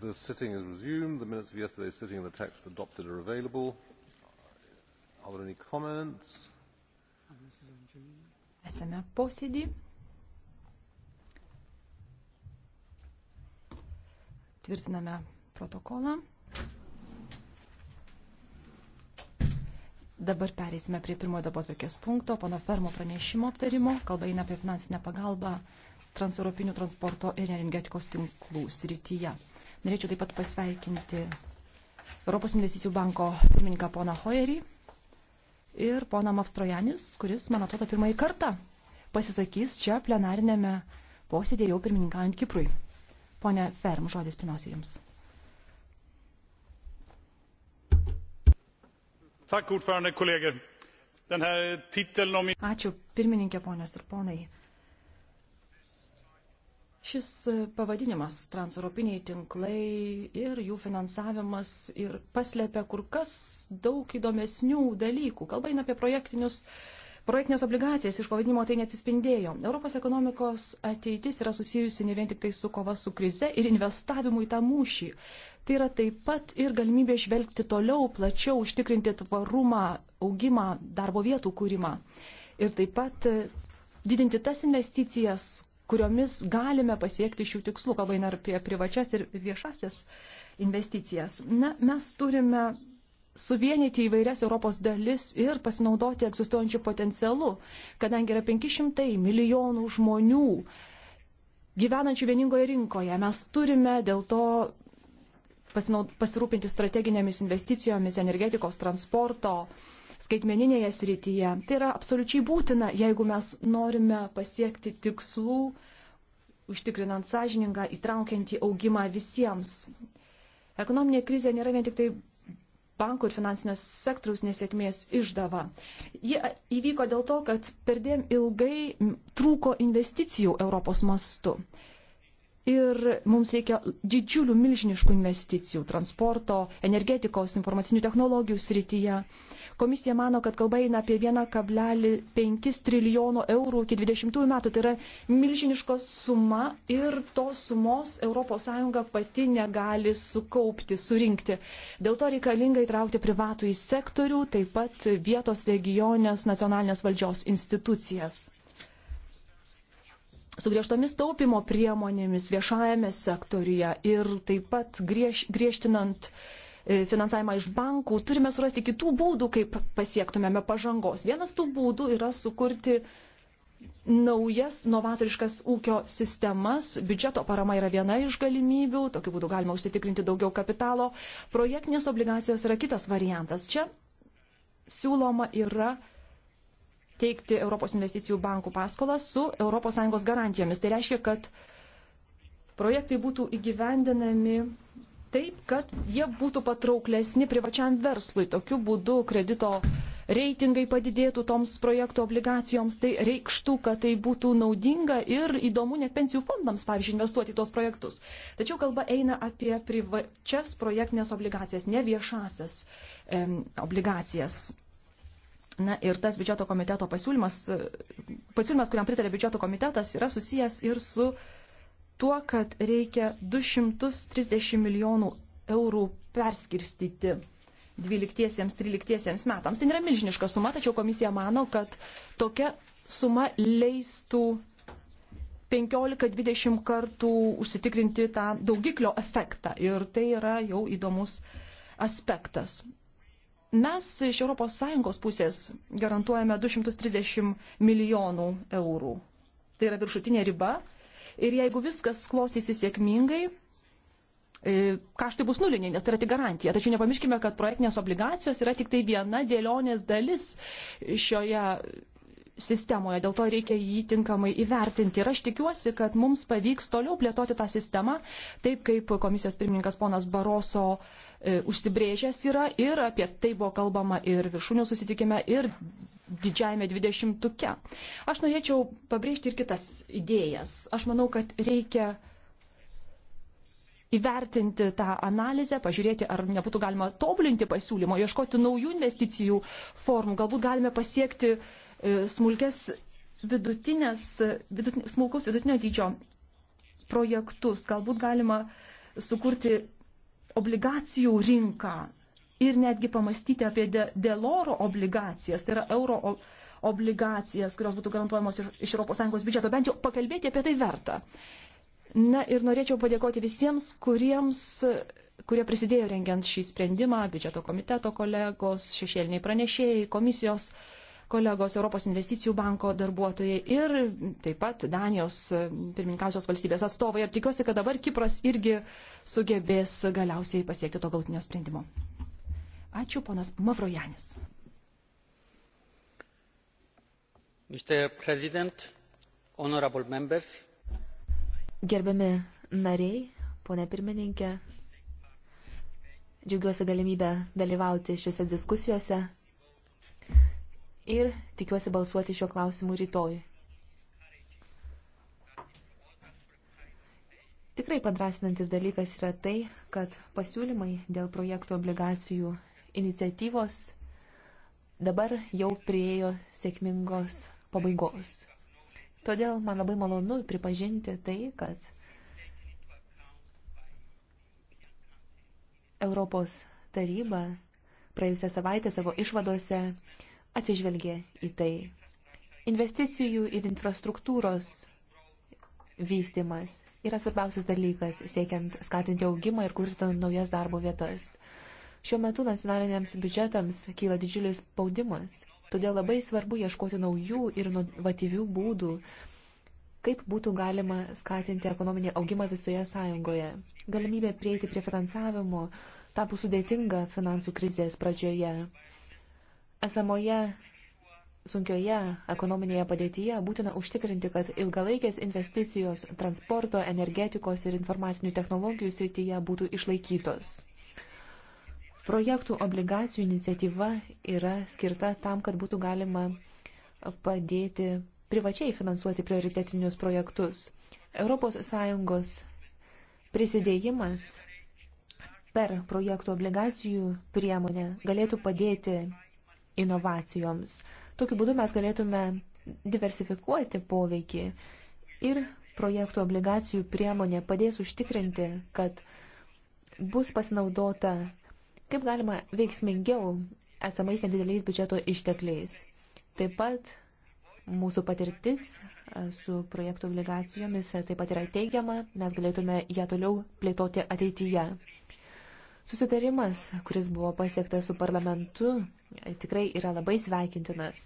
The sitting is resumed. The minutes of yesterday's sitting and the text adopted are available. Are there any comments? Esame posėdį. Tvirtiname protokolą. Dabar pereisime prie pirmojo darbo atvarkės punkto, pono Fermo pranešimo aptarimo, kalba eina apie finansinę pagalbą transeuropinių transporto ir energetikos tinklų srityje. Norėčiau taip pat pasveikinti Europos investicijų banko pirmininką poną Hoerį ir poną Mavstrojanis, kuris, man atrodo, pirmąjį kartą pasisakys čia plenarinėme posėdėje jau pirmininkaujant Kiprui. Pone Ferm, žodis pirmiausia Jums. Ačiū pirmininkė, ponios ir ponai. Šis pavadinimas - transeuropiniai tinklai ir jų finansavimas ir paslėpia kur kas daug įdomesnių dalykų. Kalba eina apie projektinius. Projektinės obligacijas iš pavadinimo tai neatsispindėjo. Europos ekonomikos ateitis yra susijusi ne vien tik tai su kova su krize ir investavimu į tą mūšį. Tai yra taip pat ir galimybė žvelgti toliau, plačiau, užtikrinti tvarumą, augimą, darbo vietų kūrimą. Ir taip pat e, didinti tas investicijas, kuriomis galime pasiekti šių tikslų, kalba eina apie privačias ir viešasias investicijas. Na, mes turime suvienyti įvairias Europos dalis ir pasinaudoti egzistuojančiu potencialu, kadangi yra 500 milijonų žmonių gyvenančių vieningoje rinkoje. Mes turime dėl to pasinaud... pasirūpinti strateginėmis investicijomis energetikos, transporto, uh, skaitmeninėje srityje. Tai yra absoliučiai būtina, jeigu mes norime pasiekti tikslų, užtikrinant sąžiningą, įtraukiantį augimą visiems. Ekonominė krizė nėra vien tik tai bankų ir finansinio sektoriaus nesėkmės išdava. Ji įvyko dėl to, kad perdėm ilgai trūko investicijų Europos mastu. Ir mums reikia didžiulių milžiniškų investicijų transporto, energetikos, informacinių technologijų srityje. Komisija mano, kad kalba eina apie 1,5 trilijono eurų iki 20 metų. Tai yra milžiniška suma ir tos sumos ES pati negali sukaupti, surinkti. Dėl to reikalinga įtraukti privatų į sektorių, taip pat vietos regionės nacionalinės valdžios institucijas su griežtomis taupimo priemonėmis viešajame sektorija ir taip pat griež, griežtinant e, finansavimą iš bankų, turime surasti kitų būdų, kaip pasiektumėme pažangos. Vienas tų būdų yra sukurti naujas novatoriškas ūkio sistemas. Biudžeto parama yra viena iš galimybių, tokiu būdu galima užsitikrinti daugiau kapitalo. Projektinės obligacijos yra kitas variantas. Čia siūloma yra teikti Europos investicijų bankų paskolas su ES garantijomis. Tai reiškia, kad projektai būtų įgyvendinami taip, kad jie būtų patrauklesni privačiam verslui. Tokiu būdu kredito reitingai padidėtų toms projektų obligacijoms. Tai reikštų, kad tai būtų naudinga ir įdomu net pensijų fondams, pavyzdžiui, investuoti į tuos projektus. Tačiau kalba eina apie privačias projektinės obligacijas, ne viešasias em, obligacijas. Na ir tas biudžeto komiteto pasiūlymas, pasiūlymas, kuriam pritarė biudžeto komitetas, yra susijęs ir su tuo, kad reikia 230 milijonų eurų perskirstyti 12-13 metams. Tai nėra milžiniška suma, tačiau komisija mano, kad tokia suma leistų 15-20 kartų užsitikrinti tą daugiklio efektą. Ir tai yra jau įdomus aspektas. Mes iš ES pusės garantuojame 230 milijonų eurų. Tai yra viršutinė riba. Ir jeigu viskas klostysis sėkmingai, e, kaštai bus nuliniai, nes tai yra tik garantija. Tačiau nepamirškime, kad projektinės obligacijos yra tik tai viena dėlionės dalis šioje sistemoje, dėl to reikia jį tinkamai įvertinti. Ir aš tikiuosi, kad mums pavyks toliau plėtoti tą sistemą, taip kaip komisijos pirmininkas ponas Baroso e, užsibrėžęs yra ir apie tai buvo kalbama ir viršūnių susitikime, ir didžiajame dvidešimtuke. Aš norėčiau pabrėžti ir kitas idėjas. Aš manau, kad reikia įvertinti tą analizę, pažiūrėti, ar nebūtų galima tobulinti pasiūlymo, ieškoti naujų investicijų formų, galbūt galime pasiekti uh, E, smulkės vidutinės, vidutin, smulkus vidutinio dydžio projektus. Galbūt galima sukurti obligacijų rinką ir netgi pamastyti apie deloro de obligacijas, tai yra euro obligacijas, kurios būtų garantuojamos iš, iš ES biudžeto. Bent jau pakalbėti apie tai verta. Na ir norėčiau padėkoti visiems, kuriems, kurie prisidėjo rengiant šį sprendimą, biudžeto komiteto kolegos, šešėliniai pranešėjai, komisijos uh, kolegos Europos investicijų banko darbuotojai ir taip pat Danijos e, pirmininkausios valstybės atstovai. Ir tikiuosi, kad dabar Kipras irgi sugebės galiausiai pasiekti to galtinio sprendimo. Ačiū, ponas Mavrojanis. Mr. President, honorable members. Gerbiami nariai, ponė pirmininkė, džiaugiuosi galimybę dalyvauti šiuose diskusijose ir tikiuosi balsuoti šiuo klausimu rytoj. Tikrai padrasinantis dalykas yra tai, kad pasiūlymai dėl projektų obligacijų iniciatyvos dabar jau priejo sėkmingos pabaigos. Todėl man labai malonu pripažinti tai, kad Europos taryba praėjusią savaitę savo išvadose atsižvelgė į tai. Investicijų ir infrastruktūros vystimas yra svarbiausias dalykas, siekiant skatinti augimą ir kurti naujas darbo vietas. Šiuo metu nacionaliniams biudžetams kyla didžiulis spaudimas, todėl labai svarbu ieškoti naujų ir inovatyvių būdų, kaip būtų galima skatinti ekonominį augimą visoje sąjungoje. Galimybė prieiti prie finansavimo tapo sudėtinga finansų krizės pradžioje esamoje sunkioje ekonominėje padėtyje būtina užtikrinti, kad ilgalaikės investicijos transporto, energetikos ir informacinių technologijų srityje būtų išlaikytos. Projektų obligacijų iniciatyva yra skirta tam, kad būtų galima padėti privačiai finansuoti prioritetinius projektus. ES prisidėjimas per projektų obligacijų priemonę galėtų padėti inovacijoms. Tokiu būdu mes galėtume diversifikuoti poveikį ir projektų obligacijų priemonė padės užtikrinti, kad bus pasinaudota kaip galima veiksmingiau esamais nedideliais biudžeto ištekliais. Taip pat mūsų patirtis e, su projektų obligacijomis e, taip pat yra teigiama, mes galėtume ją toliau plėtoti ateityje. Susitarimas, kuris buvo pasiektas su parlamentu, tikrai yra labai sveikintinas.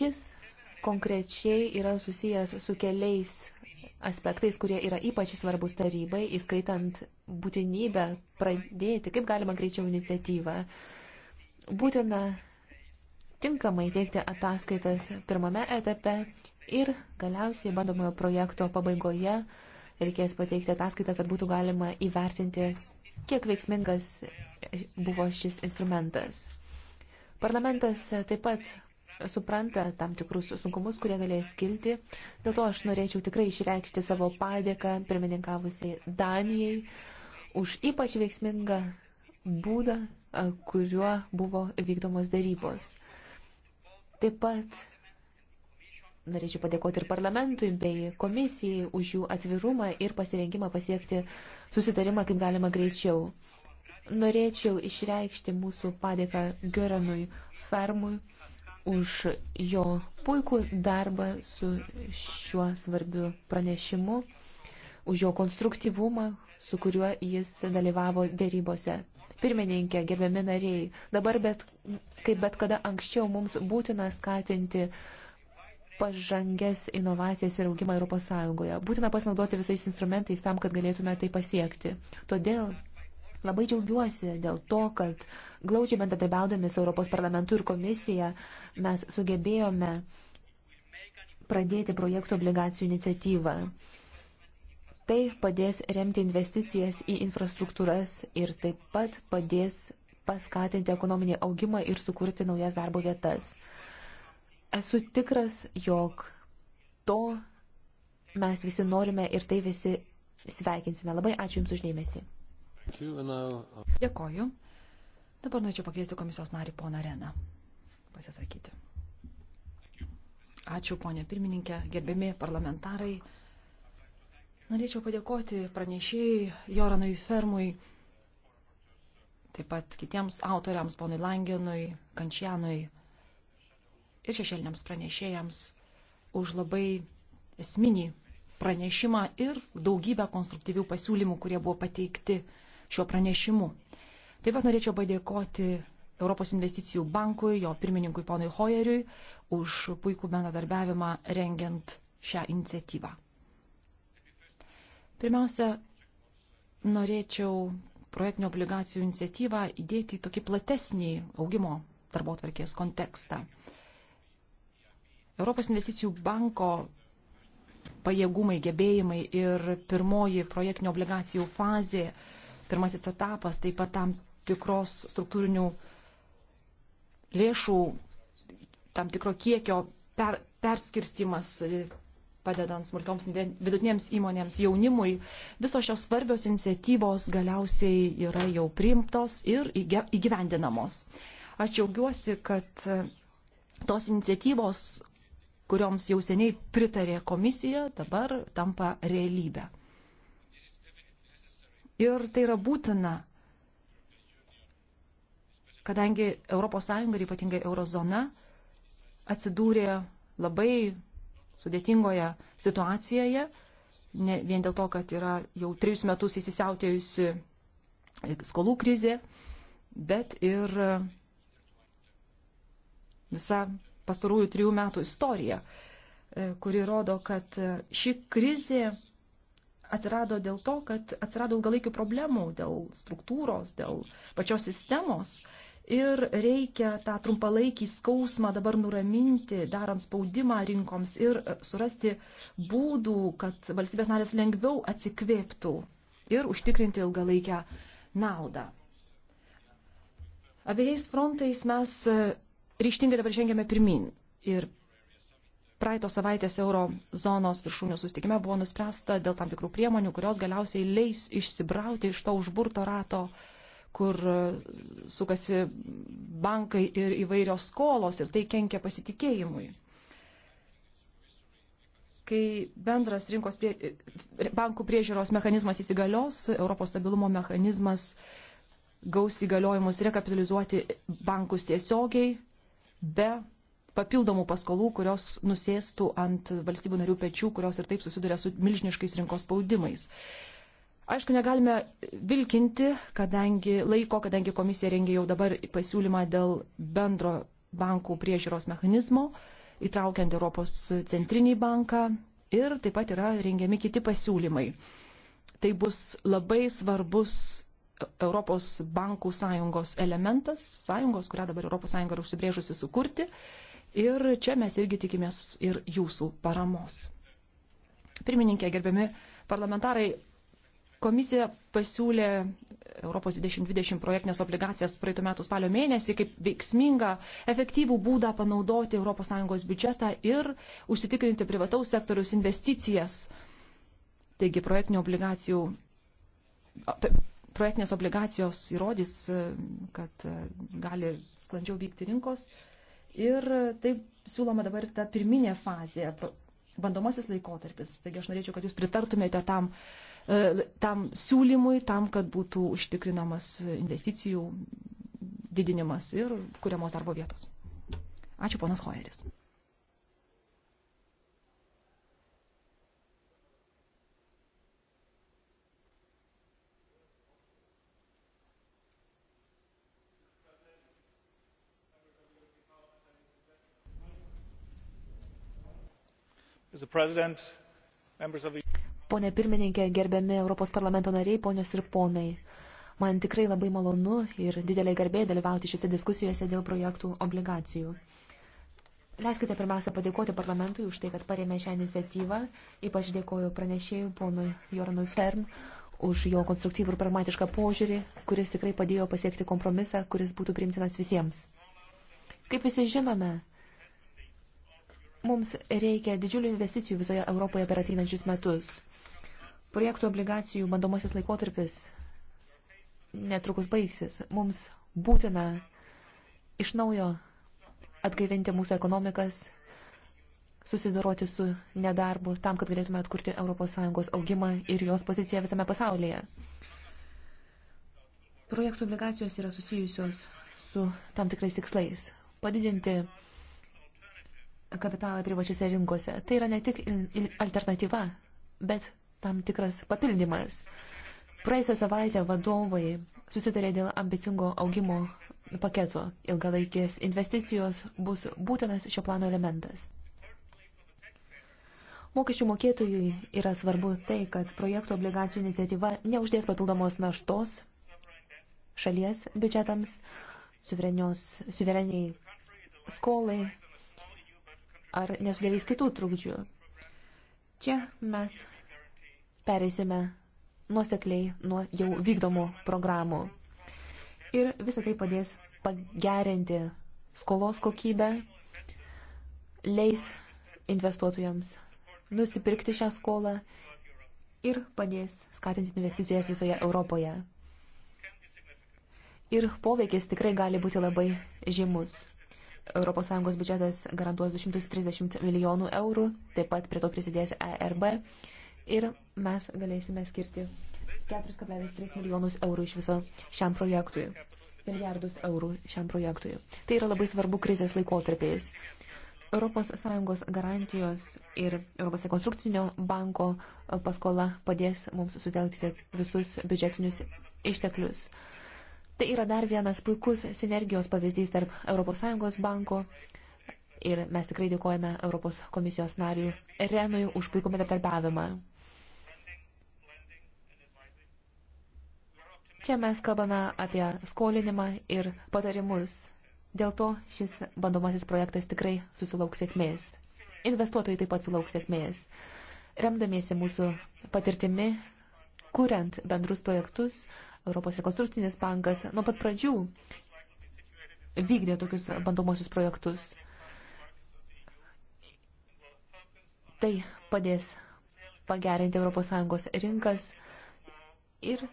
Jis konkrečiai yra susijęs su keliais aspektais, kurie yra ypač svarbus tarybai, įskaitant būtinybę pradėti, kaip galima greičiau iniciatyvą. Būtina tinkamai teikti ataskaitas pirmame etape ir galiausiai bandomojo projekto pabaigoje reikės pateikti ataskaitą, kad būtų galima įvertinti kiek veiksmingas buvo šis instrumentas. Parlamentas taip pat supranta tam tikrus sunkumus, kurie galės kilti. Dėl to aš norėčiau tikrai išreikšti savo padėką pirmininkavusiai Danijai už ypač veiksmingą būdą, kuriuo buvo vykdomos darybos. Taip pat Norėčiau padėkoti ir parlamentui bei komisijai už jų atvirumą ir pasirengimą pasiekti susitarimą kaip galima greičiau. Norėčiau išreikšti mūsų padėką Göranui Fermui už jo puikų darbą su šiuo svarbiu pranešimu, už jo konstruktyvumą, su kuriuo jis dalyvavo dėrybose. Pirmininkė, gerbiami nariai, dabar bet, kaip bet kada anksčiau mums būtina skatinti uh, pažangės inovacijas ir augimą ES. Būtina pasinaudoti visais instrumentais tam, kad galėtume tai pasiekti. Todėl labai džiaugiuosi dėl to, kad glaudžiai bendradarbiaudami su Europos parlamentu ir komisija mes sugebėjome pradėti projektų obligacijų iniciatyvą. Tai padės remti investicijas į infrastruktūras ir taip pat padės paskatinti ekonominį augimą ir sukurti naujas darbo vietas. Esu tikras, jog to mes visi norime ir tai visi sveikinsime. Labai ačiū Jums uždėmesį. Dėkoju. Dabar norėčiau pakviesti komisijos narį poną Reną pasisakyti. Ačiū, ponė pirmininkė, gerbiami parlamentarai. Norėčiau padėkoti pranešėjai Joranui Fermui, taip pat kitiems autoriams, ponui Langenui, Kančianui ir šešėliniams pranešėjams už labai esminį pranešimą ir daugybę konstruktyvių pasiūlymų, kurie buvo pateikti šiuo pranešimu. Taip pat norėčiau padėkoti Europos investicijų bankui, jo pirmininkui ponui Hoyeriui už puikų bendradarbiavimą rengiant šią iniciatyvą. Pirmiausia, norėčiau projektinių obligacijų iniciatyvą įdėti į tokį platesnį augimo darbo tvarkės kontekstą. Europos investicijų banko pajėgumai, gebėjimai ir pirmoji projektinių obligacijų fazė, pirmasis etapas, taip pat tam tikros struktūrinių lėšų, tam tikro kiekio per, perskirstimas padedant smulkioms vidutinėms įmonėms, jaunimui. Visos šios svarbios iniciatyvos galiausiai yra jau priimtos ir įgyvendinamos. Aš džiaugiuosi, kad tos iniciatyvos, kurioms jau seniai pritarė komisija, dabar tampa realybę. Ir tai yra būtina, kadangi ES ir ypatingai eurozona atsidūrė labai sudėtingoje situacijoje, ne vien dėl to, kad yra jau trejus metus įsisiautėjusi skolų krizė, bet ir visa pastarųjų trijų metų istoriją, e, kuri rodo, kad e, ši krizė atsirado dėl to, kad atsirado ilgalaikių problemų dėl struktūros, dėl pačios sistemos. Ir reikia tą trumpalaikį skausmą dabar nuraminti, darant spaudimą rinkoms ir e, surasti būdų, kad valstybės narės lengviau atsikvėptų ir užtikrinti ilgalaikę naudą. Abiejais frontais mes ryštingai dabar žengėme pirmin. Ir praeito savaitės euro zonos viršūnių sustikime buvo nuspręsta dėl tam tikrų priemonių, kurios galiausiai leis išsibrauti iš to užburto rato, kur e, sukasi bankai ir įvairios skolos ir tai kenkia pasitikėjimui. Kai bendras rinkos prie, e, bankų priežiūros mechanizmas įsigalios, Europos stabilumo mechanizmas gaus įgaliojimus rekapitalizuoti bankus tiesiogiai be papildomų paskolų, kurios nusėstų ant valstybių narių pečių, kurios ir taip susiduria su milžiniškais rinkos spaudimais. Aišku, negalime vilkinti, kadangi laiko, kadangi komisija rengia jau dabar pasiūlymą dėl bendro bankų priežiūros mechanizmo, įtraukiant Europos centrinį banką ir taip pat yra rengiami kiti pasiūlymai. Tai bus labai svarbus Europos bankų sąjungos elementas, sąjungos, kurią dabar ES yra užsibrėžusi sukurti. Ir čia mes irgi tikimės ir jūsų paramos. Pirmininkė, gerbiami parlamentarai, komisija pasiūlė Europos 2020 projektinės obligacijas praeitų metų spalio mėnesį kaip veiksmingą, efektyvų būdą panaudoti ES biudžetą ir užsitikrinti privataus sektoriaus investicijas. Taigi projektinių obligacijų projektinės obligacijos įrodys, e, kad e, gali sklandžiau vykti rinkos. Ir taip siūloma dabar ta pirminė fazė, bandomasis laikotarpis. Taigi aš norėčiau, kad jūs pritartumėte tam, e, tam siūlymui, tam, kad būtų užtikrinamas investicijų didinimas ir kuriamos darbo vietos. Ačiū, ponas Hoeris. Pone pirmininkė, gerbiami Europos parlamento nariai, ponios ir ponai. Man tikrai labai malonu ir didelė garbė dalyvauti šiose diskusijose dėl projektų obligacijų. Leiskite pirmiausia padėkoti parlamentui už tai, kad parėmė šią iniciatyvą. Ypač dėkoju pranešėjui ponui Joranui Ferm už jo konstruktyvų ir pragmatišką požiūrį, kuris tikrai padėjo pasiekti kompromisą, kuris būtų priimtinas visiems. Kaip visi žinome, Mums reikia didžiulių investicijų visoje Europoje per ateinančius metus. Projektų obligacijų bandomasis laikotarpis netrukus baigsis. Mums būtina iš naujo atgaivinti mūsų ekonomikas, susidoroti su nedarbu tam, kad galėtume atkurti ES augimą ir jos poziciją visame pasaulyje. Projektų obligacijos yra susijusios su tam tikrais tikslais. Padidinti kapitalą privačiose rinkose. Tai yra ne tik alternatyva, bet tam tikras papildymas. Praėjusią savaitę vadovai susitarė dėl ambicingo augimo paketo. Ilgalaikės investicijos bus būtinas šio plano elementas. Mokesčių mokėtojui yra svarbu tai, kad projekto obligacijų iniciatyva neuždės papildomos naštos šalies biudžetams, suvereniai skolai ar nesudarys kitų trukdžių. Čia mes pereisime nuosekliai nuo jau vykdomų programų. Ir visą tai padės pagerinti skolos kokybę, leis investuotojams nusipirkti šią skolą ir padės skatinti investicijas visoje Europoje. Ir poveikis tikrai gali būti labai žymus. ES biudžetas garantuos 230 milijonų eurų, taip pat prie to prisidės ERB ir mes galėsime skirti 4,3 milijonus eurų iš viso šiam projektui, milijardus eurų šiam projektui. Tai yra labai svarbu krizės laikotarpiais. ES garantijos ir ES rekonstrukcinio banko paskola padės mums sutelkti visus biudžetinius išteklius. Tai yra dar vienas puikus sinergijos pavyzdys tarp ES banko ir mes tikrai dėkojame Europos komisijos nariui Renui už puikų bendradarbiavimą. Čia mes kalbame apie skolinimą ir patarimus. Dėl to šis bandomasis projektas tikrai susilauks sėkmės. Investuotojai taip pat sulauks sėkmės. Remdamiesi mūsų patirtimi, kuriant bendrus projektus, Europos rekonstrukcinis bankas nuo pat pradžių vykdė tokius bandomosius projektus. Tai padės pagerinti ES rinkas ir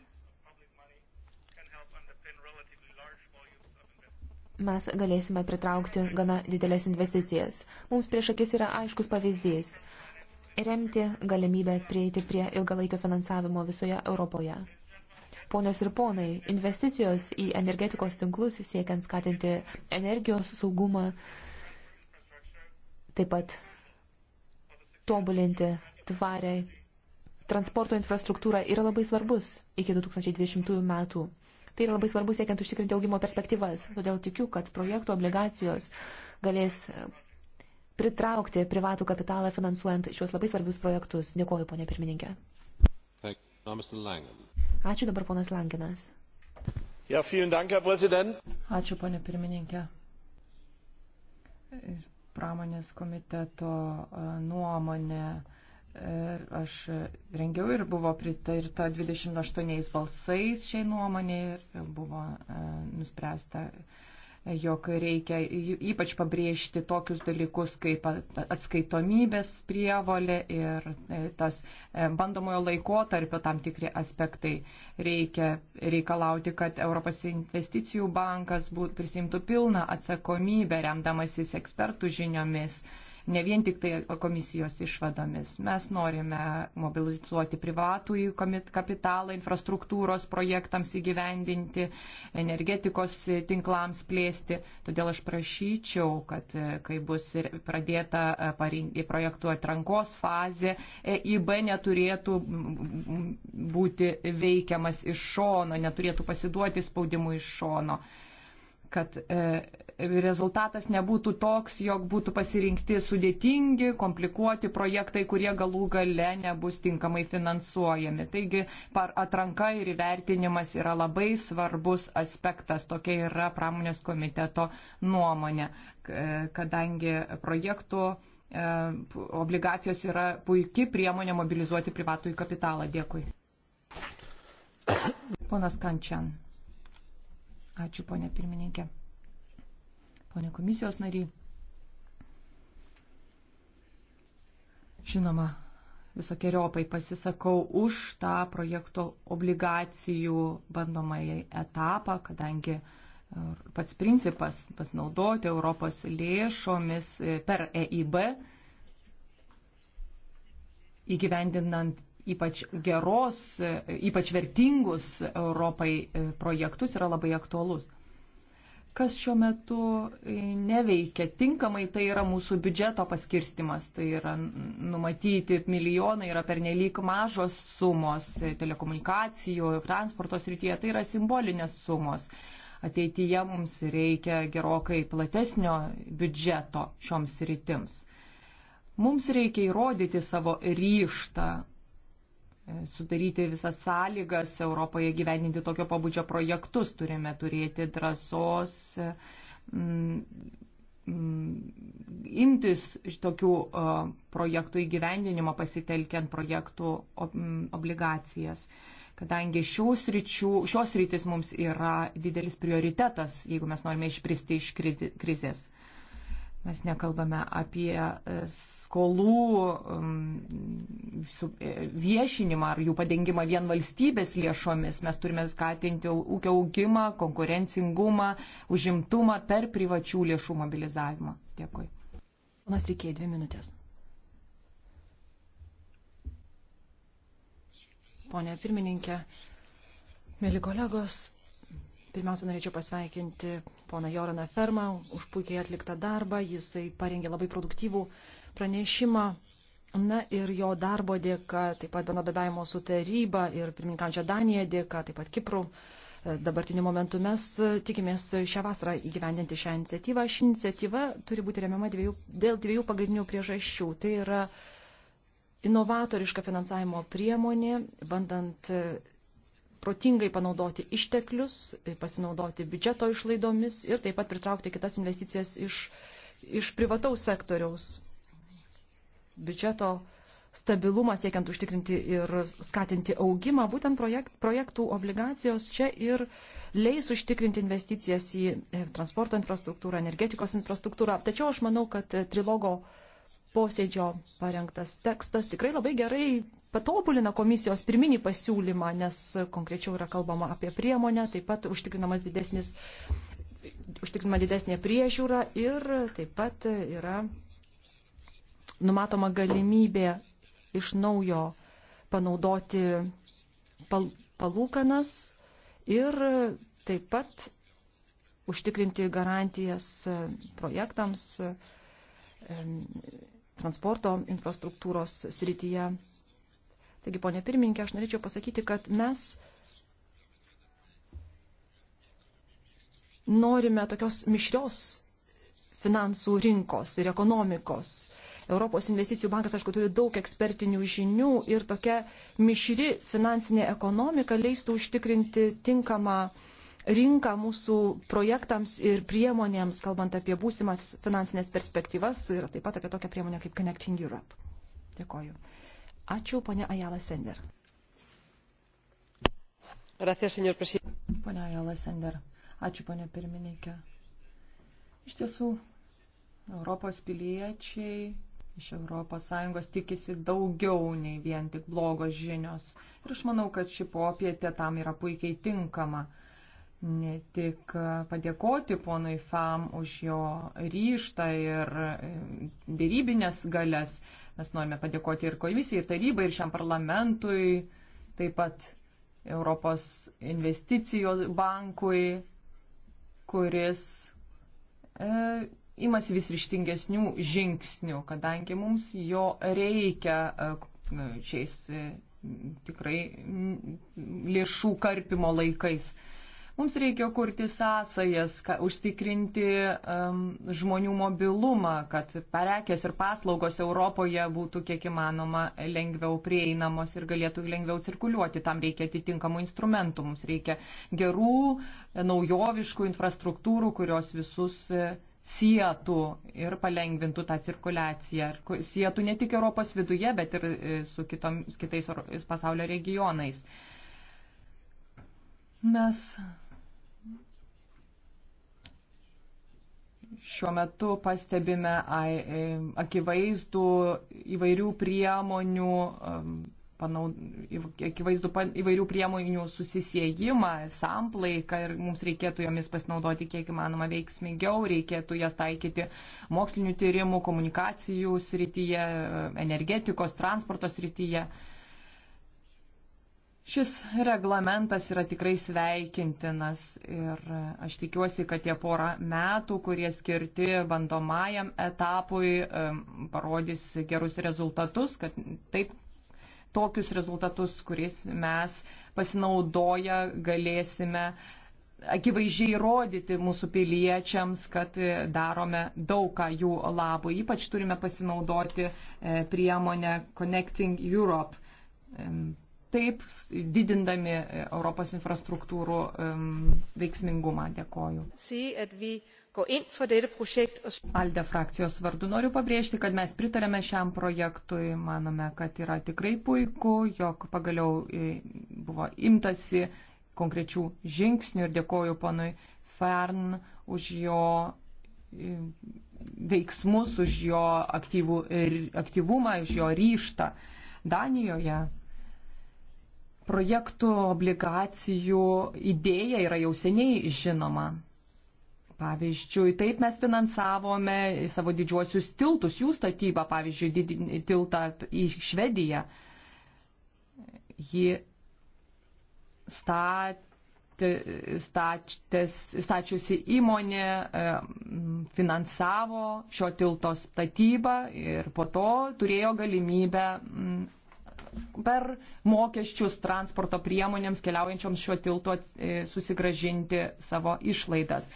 mes galėsime pritraukti gana didelės investicijas. Mums prieš akis yra aiškus pavyzdys – remti galimybę prieiti prie ilgalaikio finansavimo visoje Europoje. Ponios ir ponai, investicijos į energetikos tinklus siekiant skatinti energijos saugumą, taip pat tobulinti tvarę transporto infrastruktūrą yra labai svarbus iki 2020 metų. Tai yra labai svarbu siekiant užtikrinti augimo perspektyvas. Todėl tikiu, kad projektų obligacijos galės pritraukti privatų kapitalą finansuojant šios labai svarbius projektus. Dėkuoju, ponė pirmininkė. Thank you. Ačiū dabar ponas Langinas. Ja, dank, Ačiū, ponė pirmininkė. Pramonės komiteto e, nuomonė e, aš rengiau ir buvo pritarta 28 balsais šiai nuomonė ir buvo e, nuspręsta jog reikia ypač pabrėžti tokius dalykus kaip atskaitomybės prievolė ir e, tas e, bandomojo laikotarpio tam tikri aspektai. Reikia reikalauti, kad Europos investicijų bankas prisimtų pilną atsakomybę remdamasis ekspertų žiniomis ne vien tik tai komisijos išvadomis. Mes norime mobilizuoti privatųjį kapitalą infrastruktūros projektams įgyvendinti, energetikos tinklams plėsti. Todėl aš prašyčiau, kad e, kai bus pradėta e, projektų atrankos fazė, EIB neturėtų būti veikiamas iš šono, neturėtų pasiduoti spaudimui iš šono kad e, rezultatas nebūtų toks, jog būtų pasirinkti sudėtingi, komplikuoti projektai, kurie galų gale nebus tinkamai finansuojami. Taigi atranka ir įvertinimas yra labai svarbus aspektas, tokia yra pramonės komiteto nuomonė, e, kadangi projektų e, obligacijos yra puikia priemonė mobilizuoti privatų į kapitalą. Dėkui. Ponas Kančian. Ačiū, ponė pirmininkė. Pone komisijos nariai. Žinoma, visokiojopai pasisakau už tą projekto obligacijų bandomąjį etapą, kadangi e, pats principas pasinaudoti Europos lėšomis e, per EIB įgyvendinant ypač geros, ypač vertingus Europai e, projektus yra labai aktuolus. Kas šiuo metu e, neveikia tinkamai, tai yra mūsų biudžeto paskirstimas, tai yra numatyti milijonai, yra pernelyg mažos sumos e, telekomunikacijų, transporto srityje, tai yra simbolinės sumos. Ateityje mums reikia gerokai platesnio biudžeto šioms sritims. Mums reikia įrodyti savo ryštą sudaryti visas sąlygas Europoje gyveninti tokio pabudžio projektus, turime turėti drąsos mm, mm, imtis tokių projektų įgyvendinimo pasitelkiant projektų mm, obligacijas, kadangi šios, ryčių, šios rytis mums yra didelis prioritetas, jeigu mes norime išpristi iš krizės. Mes nekalbame apie e, skolų um, e, viešinimą ar jų padengimą vien valstybės lėšomis. Mes turime skatinti ūkio augimą, konkurencingumą, užimtumą per privačių lėšų mobilizavimą. Dėkui. Mas reikėjo dvi minutės. Pone pirmininkė, mėly kolegos, pirmiausia norėčiau pasveikinti poną Joraną Fermą už puikiai atliktą darbą. Jisai parengė labai produktyvų pranešimą. Na ir jo darbo dėka, taip pat bendradarbiavimo su taryba ir pirmininkančia Danija dėka, taip pat Kiprų e, dabartiniu momentu mes e, tikimės šią vasarą įgyvendinti šią iniciatyvą. Ši iniciatyva turi būti remiama dviejų, dėl dviejų pagrindinių priežasčių. Tai yra inovatoriška finansavimo priemonė, bandant e, protingai panaudoti išteklius, pasinaudoti biudžeto išlaidomis ir taip pat pritraukti kitas investicijas iš, iš privataus sektoriaus. Biudžeto stabilumą siekiant užtikrinti ir skatinti augimą, būtent projekt, projektų obligacijos čia ir leis užtikrinti investicijas į e, transporto infrastruktūrą, energetikos infrastruktūrą. Tačiau aš manau, kad e, trilogo uh, posėdžio parengtas tekstas tikrai labai gerai patobulina komisijos pirminį pasiūlymą, nes konkrečiau yra kalbama apie priemonę, taip pat užtikrinamas didesnis, užtikrinama didesnė priežiūra ir taip pat yra numatoma galimybė iš naujo panaudoti pal, palūkanas ir taip pat užtikrinti garantijas projektams transporto infrastruktūros srityje. Taigi, ponė pirmininkė, aš norėčiau pasakyti, kad mes norime tokios mišrios finansų rinkos ir ekonomikos. Europos investicijų bankas, aišku, turi daug ekspertinių žinių ir tokia mišri finansinė ekonomika leistų užtikrinti tinkamą uh, rinką mūsų projektams ir priemonėms, kalbant apie būsimas finansinės perspektyvas ir taip pat apie tokią priemonę kaip Connecting Europe. Dėkoju. Ačiū, ponia Ajala Sender. Gracias, señor presidente. Ponia Ajala Sender. Ačiū, ponia pirmininkė. Iš tiesų, Europos piliečiai iš ES tikisi daugiau nei vien tik blogos žinios. Ir aš manau, kad ši popietė tam yra puikiai tinkama ne tik padėkoti ponui FAM už jo ryštą ir e, dėrybinės galės, mes norime padėkoti ir komisijai, ir tarybai, ir šiam parlamentui, taip pat Europos investicijos bankui, kuris e, imasi vis ryštingesnių žingsnių, kadangi mums jo reikia e, šiais e, tikrai lėšų karpimo laikais. E, Mums reikia kurti sąsajas, ka, užtikrinti um, žmonių mobilumą, kad parekės ir paslaugos Europoje būtų kiek įmanoma lengviau prieinamos ir galėtų lengviau cirkuliuoti. Tam reikia atitinkamų instrumentų, mums reikia gerų, naujoviškų infrastruktūrų, kurios visus e, sietų ir palengvintų tą cirkuliaciją. Sietų ne tik Europos viduje, bet ir e, su kitom, kitais pasaulio regionais. Mes Šiuo metu pastebime e, akivaizdų įvairių priemonių, um, akivaizdų įvairių priemonių susisiejimą, samplaiką ir mums reikėtų jomis pasinaudoti kiek įmanoma veiksmingiau, reikėtų jas taikyti mokslinių tyrimų, komunikacijų srityje, energetikos, transporto srityje. Šis reglamentas yra tikrai sveikintinas ir aš tikiuosi, kad tie porą metų, kurie skirti bandomajam etapui, parodys gerus rezultatus, kad taip tokius rezultatus, kuriais mes pasinaudoję galėsime akivaizdžiai rodyti mūsų piliečiams, kad darome daug ką jų labui. Ypač turime pasinaudoti e, priemonę Connecting Europe taip didindami e, Europos infrastruktūrų um, veiksmingumą. Dėkoju. Alde frakcijos vardu noriu pabrėžti, kad mes pritarėme šiam projektui, manome, kad yra tikrai puiku, jog pagaliau e, buvo imtasi konkrečių žingsnių ir dėkoju ponui Fern už jo e, veiksmus, už jo aktyvų, aktyvumą, už jo ryštą. Danijoje projektų, obligacijų idėja yra jau seniai žinoma. Pavyzdžiui, taip mes finansavome savo didžiuosius tiltus, jų statybą, pavyzdžiui, didi, tiltą į Švediją. Ji statė, statės, stačiusi įmonė finansavo šio tilto statybą ir po to turėjo galimybę per mokesčius transporto priemonėms keliaujančioms šiuo tiltu e, susigražinti savo išlaidas.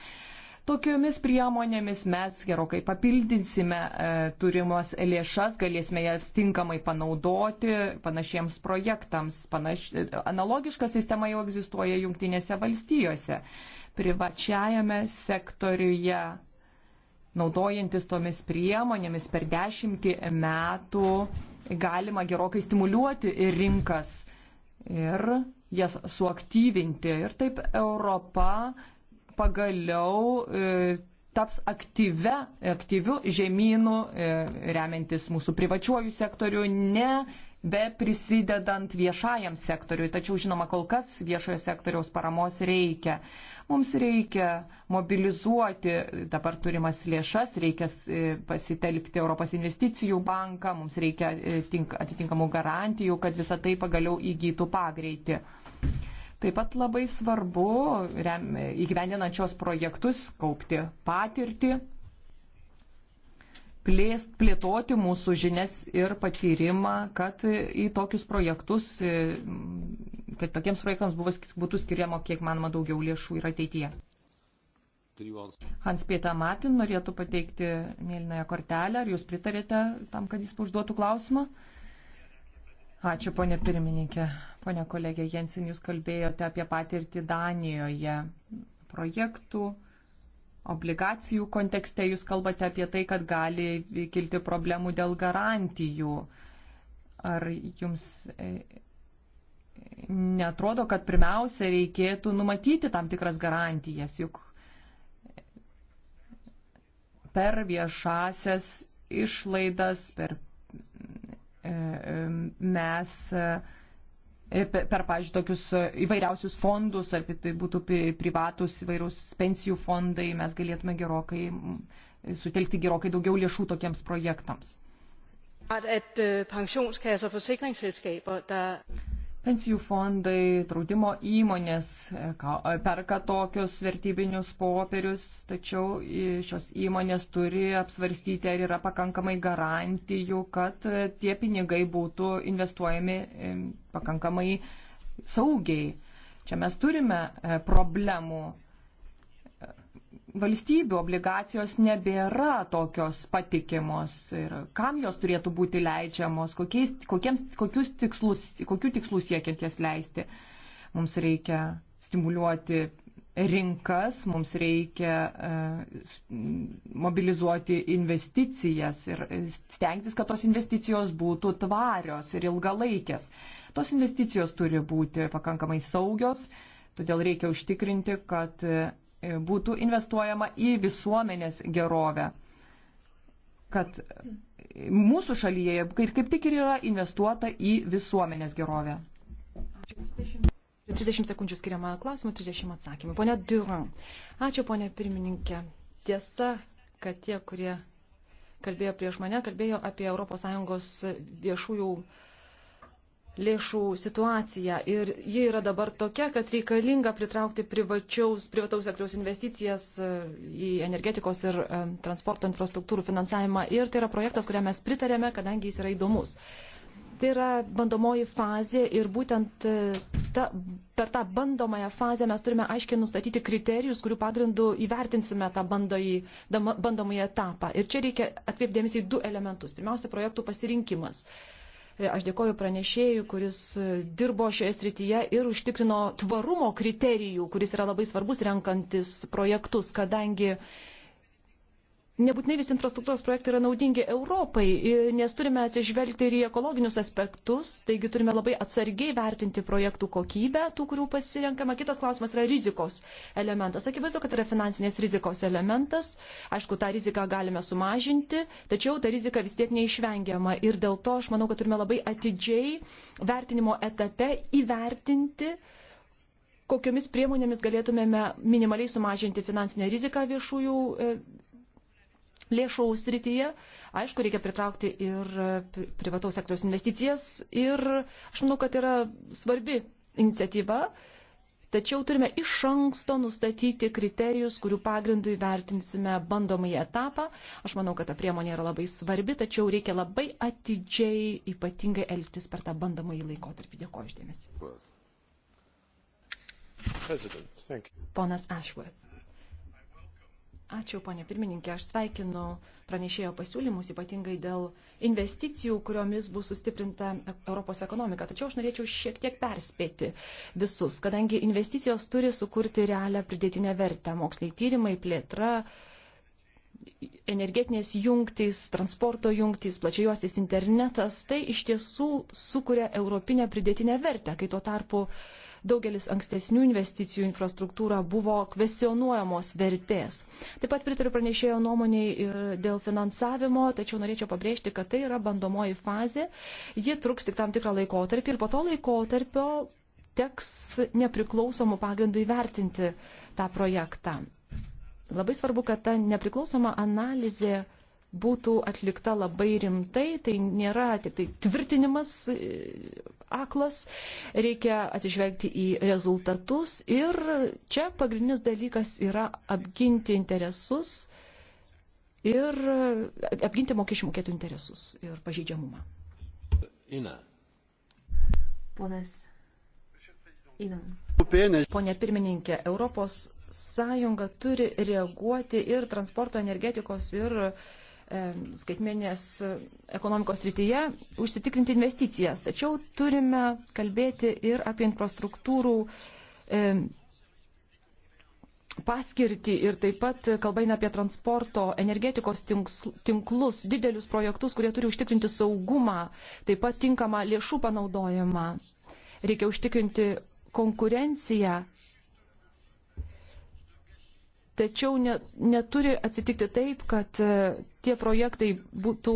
Tokiomis priemonėmis mes gerokai papildinsime e, turimos lėšas, galėsime jas tinkamai panaudoti panašiems projektams. Panaš... E, analogiška sistema jau egzistuoja Junktinėse valstijose. Privačiajame sektoriuje naudojantis tomis priemonėmis per dešimtį metų galima gerokai stimuliuoti ir rinkas ir jas suaktyvinti. Ir taip Europa pagaliau e, taps aktyve, aktyviu žemynu, e, remiantis mūsų privačiuoju sektoriu, ne be prisidedant viešajam sektoriui. Tačiau, žinoma, kol kas viešojo sektoriaus paramos reikia. Mums reikia mobilizuoti dabar turimas lėšas, reikia e, pasitelkti Europos investicijų banką, mums reikia e, atitinkamų garantijų, kad visa tai pagaliau įgytų pagreitį. Taip pat labai svarbu įgyvendinančios projektus kaupti patirtį plėst, plėtoti mūsų žinias ir patyrimą, kad į tokius projektus, e, kad tokiems projektams buvo, būtų skiriamo kiek manoma daugiau lėšų ir ateityje. Hans Pieta Matin norėtų pateikti mėlynąją kortelę. Ar jūs pritarėte tam, kad jis užduotų klausimą? Ačiū, ponė pirmininkė. Pone kolegė Jensen, jūs kalbėjote apie patirtį Danijoje projektų obligacijų kontekste jūs kalbate apie tai, kad gali kilti problemų dėl garantijų. Ar jums e, netrodo, kad pirmiausia reikėtų numatyti tam tikras garantijas, juk per viešasias išlaidas, per e, e, mes E, per, pažiūrėjau, tokius e, įvairiausius fondus, ar tai būtų privatus įvairūs pensijų fondai, mes galėtume gerokai, sutelkti gerokai daugiau lėšų tokiems projektams. At, at øh, pensionskasser, forsikringsselskaber, der... Pensijų fondai, draudimo įmonės e, e, perka tokius vertybinius popierius, tačiau e, šios įmonės turi apsvarstyti, ar yra pakankamai garantijų, kad tie pinigai būtų investuojami pakankamai saugiai. Čia mes turime problemų valstybių obligacijos nebėra tokios patikimos ir kam jos turėtų būti leidžiamos, kokiais, kokiems, kokius tikslus, kokių tikslų siekiant jas leisti. Mums reikia stimuliuoti rinkas, mums reikia uh, mobilizuoti investicijas ir stengtis, kad tos investicijos būtų tvarios ir ilgalaikės. Tos investicijos turi būti pakankamai saugios, todėl reikia užtikrinti, kad uh, E, būtų investuojama į visuomenės gerovę. Kad mūsų šalyje kaip tik ir yra investuota į visuomenės gerovę. 30 sekundžių skiriama klausimų, 30 atsakymų. Pone Duran, ačiū ponė pirmininkė. Tiesa, kad tie, kurie kalbėjo prieš mane, kalbėjo apie ES viešųjų lėšų situacija ir ji yra dabar tokia, kad reikalinga pritraukti privataus sektoriaus investicijas e, į energetikos ir e, transporto infrastruktūrų finansavimą ir tai yra projektas, kuriam mes pritarėme, kadangi jis yra įdomus. Tai yra bandomoji fazė ir būtent e, ta, per tą bandomąją fazę mes turime aiškiai nustatyti kriterijus, kurių pagrindų įvertinsime tą bandojį, bandomąjį etapą. Ir čia reikia atkreipdėmėsi į du elementus. Pirmiausia, projektų pasirinkimas. Uh, Aš dėkoju pranešėjui, kuris dirbo šioje srityje ir užtikrino tvarumo kriterijų, kuris yra labai svarbus renkantis projektus, kadangi uh, nebūtinai visi infrastruktūros projektai yra naudingi Europai, nes turime atsižvelgti ir į ekologinius aspektus, taigi turime labai atsargiai vertinti projektų kokybę, tų, kurių pasirenkama. Kitas klausimas yra rizikos elementas. Akivaizdu, kad tai yra finansinės rizikos elementas. Aišku, tą riziką galime sumažinti, tačiau ta rizika vis tiek neišvengiama ir dėl to aš manau, kad turime labai atidžiai vertinimo etape įvertinti kokiomis priemonėmis galėtumėme minimaliai sumažinti finansinę riziką viešųjų e, lėšų srityje. Aišku, reikia pritraukti ir e, privataus sektoriaus investicijas ir aš manau, kad yra svarbi iniciatyva, tačiau turime iš anksto nustatyti kriterijus, kurių pagrindų įvertinsime bandomąjį etapą. Aš manau, kad ta priemonė yra labai svarbi, tačiau reikia labai atidžiai ypatingai elgtis per tą bandomąjį laikotarpį. Dėkuoju išdėmesi. Ponas Ashworth. Ačiū, ponė pirmininkė. Aš sveikinu pranešėjo pasiūlymus, ypatingai dėl investicijų, kuriomis bus sustiprinta Europos ekonomika. Tačiau aš norėčiau šiek tiek perspėti visus, kadangi investicijos turi sukurti realią pridėtinę vertę. Mokslai tyrimai, plėtra, energetinės jungtys, transporto jungtys, plačiajuostis internetas, tai iš tiesų sukuria europinę pridėtinę vertę, kai tuo tarpu daugelis ankstesnių investicijų infrastruktūrą buvo kvesionuojamos vertės. Taip pat pritariu pranešėjo nuomoniai e, dėl finansavimo, tačiau norėčiau pabrėžti, kad tai yra bandomoji fazė. Ji truks tik tam tikrą laikotarpį ir po to laikotarpio teks nepriklausomų pagrindų įvertinti tą projektą. Labai svarbu, kad ta nepriklausoma analizė būtų atlikta labai rimtai, tai nėra tik tai tvirtinimas e, aklas, reikia atsižvelgti į rezultatus ir čia pagrindinis dalykas yra apginti interesus ir e, apginti mokesčių mokėtų interesus ir pažeidžiamumą. Ina. Ponas. Ina. Pone pirmininkė, Europos Sąjunga turi reaguoti ir transporto energetikos ir uh, E, skaitmenės ekonomikos rytyje užsitikrinti investicijas. Tačiau turime kalbėti ir apie infrastruktūrų e, paskirtį ir taip pat kalba eina apie transporto, energetikos tinklus, didelius projektus, kurie turi užtikrinti saugumą, taip pat tinkamą lėšų panaudojimą. Reikia užtikrinti konkurenciją Tačiau ne, neturi atsitikti taip, kad e, tie projektai būtų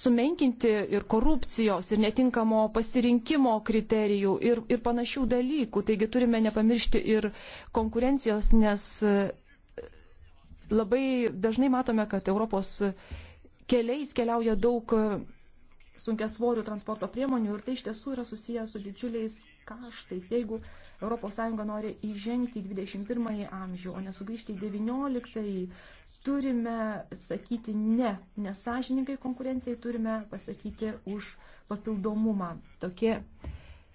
sumenkinti ir korupcijos, ir netinkamo pasirinkimo kriterijų, ir, ir panašių dalykų. Taigi turime nepamiršti ir konkurencijos, nes e, labai dažnai matome, kad Europos keliais keliauja daug e, sunkia svorių transporto priemonių ir tai iš tiesų yra susijęs su didžiuliais kaštais. Jeigu ES nori įžengti į 21 amžių, o nesugrįžti į 19, turime sakyti ne, nesažininkai konkurencijai turime pasakyti už papildomumą. Tokie,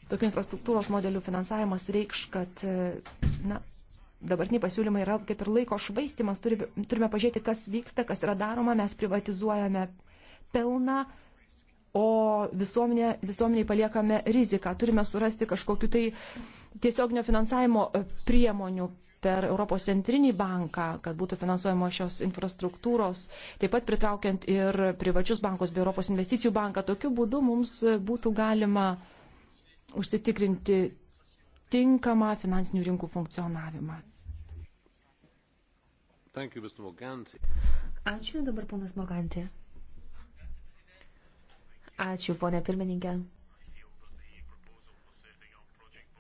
tokie infrastruktūros modelių finansavimas reikš, kad na, dabartiniai pasiūlymai yra kaip ir laiko švaistimas, turime, turime pažiūrėti, kas vyksta, kas yra daroma, mes privatizuojame pelną, o visuomenė, visuomeniai paliekame riziką. Turime surasti kažkokiu tai tiesioginio finansavimo e, priemonių per Europos centrinį banką, kad būtų finansuojamos šios infrastruktūros, taip pat pritraukiant ir privačius bankus bei Europos investicijų banką. Tokiu būdu mums būtų galima užsitikrinti tinkamą finansinių rinkų funkcionavimą. Ačiū dabar ponas Morgantė. Ačiū, ponė pirmininkė.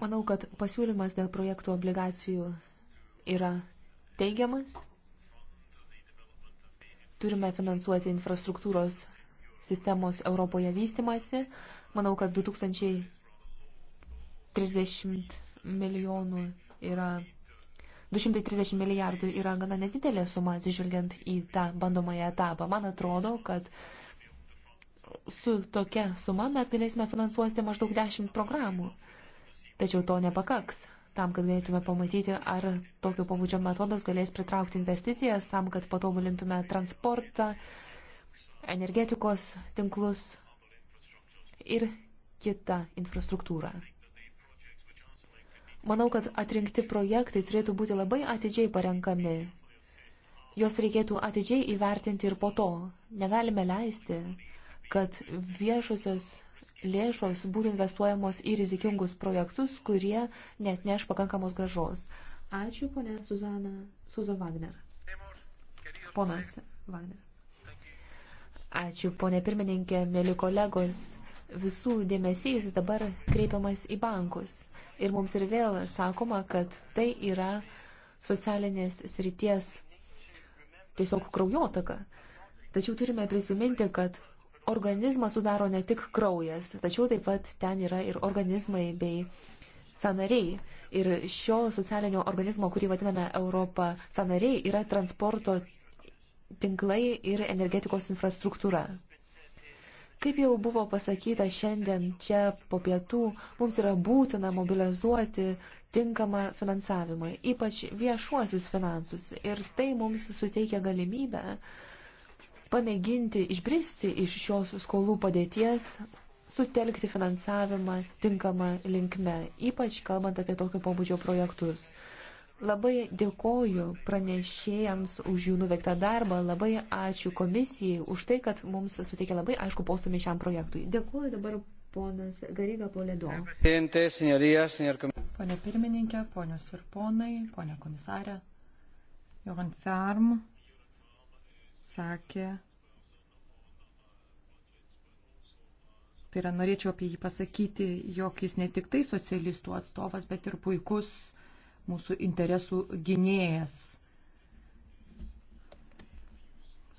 Manau, kad pasiūlymas dėl projektų obligacijų yra teigiamas. Turime finansuoti infrastruktūros sistemos Europoje vystimasi. Manau, kad 2030 milijonų yra 230 milijardų yra gana nedidelė suma atsižvelgiant į tą bandomąją etapą. Man atrodo, kad su tokia suma mes galėsime finansuoti maždaug 10 programų. Tačiau to nepakaks tam, kad galėtume pamatyti, ar tokio pabudžio metodas galės pritraukti investicijas, tam, kad patobulintume transportą, energetikos tinklus ir kitą infrastruktūrą. Manau, kad atrinkti projektai turėtų būti labai atidžiai parenkami. Juos reikėtų atidžiai įvertinti ir po to. Negalime leisti, kad viešosios lėšos būtų investuojamos į rizikingus projektus, kurie net neš pakankamos gražos. Ačiū, ponė Suzana, Suza Wagner. Ponas Wagner. Ačiū, ponė pirmininkė, mėly kolegos. Visų dėmesys dabar kreipiamas į bankus. Ir mums ir vėl sakoma, kad tai yra socialinės srities tiesiog kraujotaka. Tačiau turime prisiminti, kad organizmą sudaro ne tik kraujas, tačiau taip pat ten yra ir organizmai bei sanariai. Ir šio socialinio organizmo, kurį vadiname Europą, sanariai yra transporto tinklai ir energetikos infrastruktūra. Kaip jau buvo pasakyta šiandien čia po pietų, mums yra būtina mobilizuoti tinkamą finansavimą, ypač viešuosius finansus. Ir tai mums suteikia galimybę uh, pamėginti išbristi iš šios skolų padėties, sutelkti finansavimą tinkamą linkme, ypač kalbant apie tokio pobūdžio projektus. Labai dėkoju pranešėjams už jų nuveiktą darbą, labai ačiū komisijai už tai, kad mums suteikė labai aišku postumį šiam projektui. Dėkoju dabar ponas Garyga Poledo. Pone pirmininkė, ponios ir ponai, ponė komisarė, Johan Ferm sakė. Tai yra, norėčiau apie jį pasakyti, jog jis ne tik tai socialistų atstovas, bet ir puikus mūsų interesų gynėjas.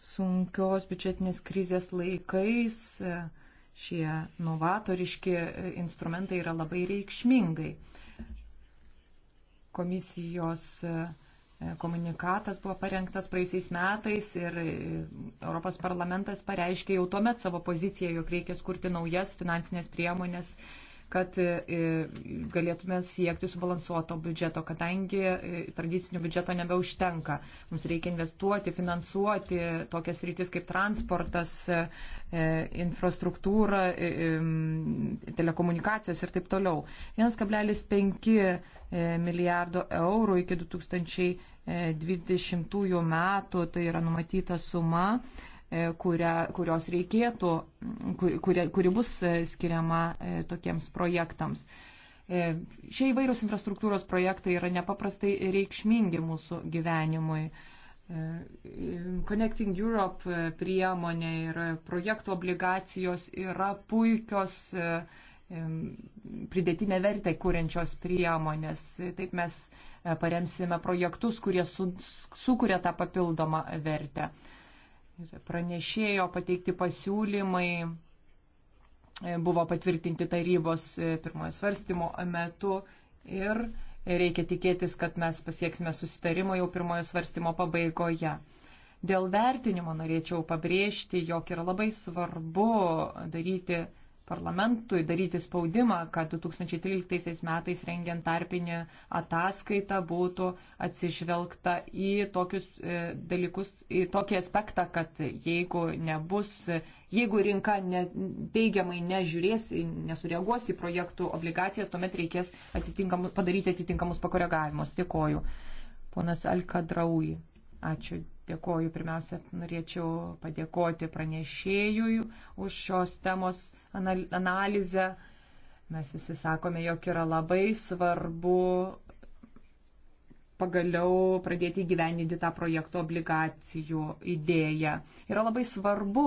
Sunkios biudžetinės krizės laikais e, šie novatoriški e, instrumentai yra labai reikšmingai. Komisijos uh, komunikatas buvo parengtas praeisiais metais ir Europos parlamentas pareiškė jau tuomet savo poziciją, jog reikia skurti naujas finansinės priemonės kad e, e, galėtume siekti subalansuoto biudžeto, kadangi e, tradicinio biudžeto nebeužtenka. Mums reikia investuoti, finansuoti tokias rytis kaip transportas, infrastruktūra, telekomunikacijos ir taip toliau. 1,5 milijardo eurų iki 2020 metų tai yra numatyta suma. E, kuria, kurios reikėtų, kuri, kuri bus e, skiriama e, tokiems projektams. Šie įvairūs infrastruktūros projektai yra nepaprastai reikšmingi mūsų gyvenimui. Connecting Europe priemonė ir projektų obligacijos yra puikios pridėtinę vertę kūrenčios priemonės. Taip mes paremsime projektus, kurie su, sukuria tą papildomą vertę ir pranešėjo pateikti pasiūlymai e, buvo patvirtinti tarybos e, pirmojo svarstymo metu ir reikia tikėtis, kad mes pasieksime susitarimo jau pirmojo svarstymo pabaigoje. Dėl vertinimo norėčiau pabrėžti, jog yra labai svarbu daryti parlamentui daryti spaudimą, kad 2013 metais rengiant tarpinį ataskaitą būtų atsižvelgta į tokius e, dalykus, į tokį aspektą, kad jeigu nebus, jeigu rinka ne, teigiamai nežiūrės, nesureaguos į projektų obligacijas, tuomet reikės atitinkamus, padaryti atitinkamus pakoregavimus. Dėkoju. Ponas Alkadraui. Ačiū. Dėkoju. Pirmiausia, norėčiau padėkoti pranešėjui už šios temos analizę. Mes visi sakome, jog yra labai svarbu pagaliau pradėti gyveninti tą projektų obligacijų idėją. Yra labai svarbu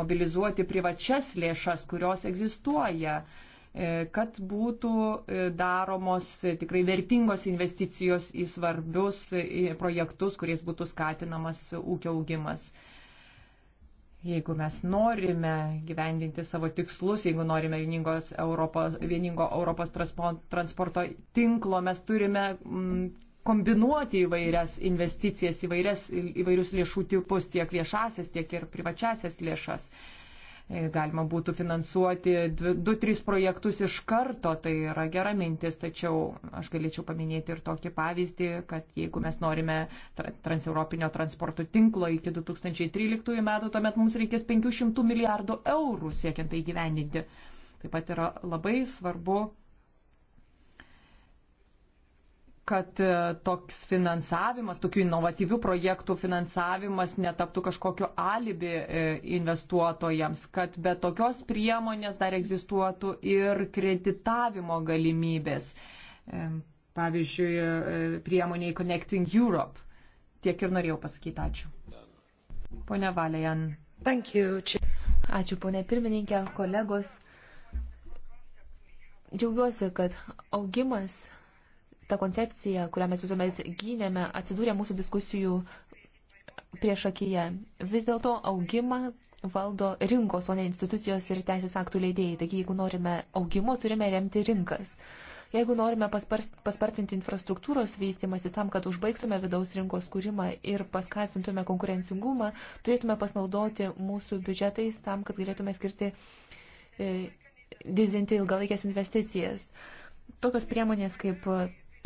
mobilizuoti privačias lėšas, kurios egzistuoja, e, kad būtų e, daromos tikrai vertingos investicijos į svarbius e, projektus, kuriais būtų skatinamas ūkio augimas. Jeigu mes norime gyvendinti savo tikslus, jeigu norime vieningos Europos, vieningo Europos transporto tinklo, mes turime mm, kombinuoti įvairias investicijas, įvairias, įvairius lėšų tipus, tiek viešasias, tiek ir privačiasias lėšas. Uh, E, galima būtų finansuoti 2-3 projektus iš karto, tai yra gera mintis, tačiau aš galėčiau paminėti ir tokį pavyzdį, kad jeigu mes norime transeuropinio transporto tinklo iki 2013 metų, tuomet mums reikės 500 milijardų eurų siekiant tai gyveninti. Taip pat yra labai svarbu kad e, toks finansavimas, tokių inovatyvių projektų finansavimas netaptų kažkokiu alibi e, investuotojams, kad be tokios priemonės dar egzistuotų ir kreditavimo galimybės. E, pavyzdžiui, priemoniai Connecting Europe. Tiek ir norėjau pasakyti ačiū. Pone Valėjan. Ačiū, ponė pirmininkė, kolegos. Džiaugiuosi, kad augimas ta koncepcija, kurią mes visuomet gynėme, atsidūrė mūsų diskusijų prieš akiją. Vis dėlto augimą valdo rinkos, o ne institucijos ir teisės aktų leidėjai. Taigi, jeigu norime augimo, turime remti rinkas. Jeigu norime paspartinti infrastruktūros vystimasi tam, kad užbaigtume vidaus rinkos kūrimą ir paskatintume konkurencingumą, turėtume pasinaudoti mūsų biudžetais tam, kad galėtume skirti e, didinti ilgalaikės investicijas. Tokios priemonės kaip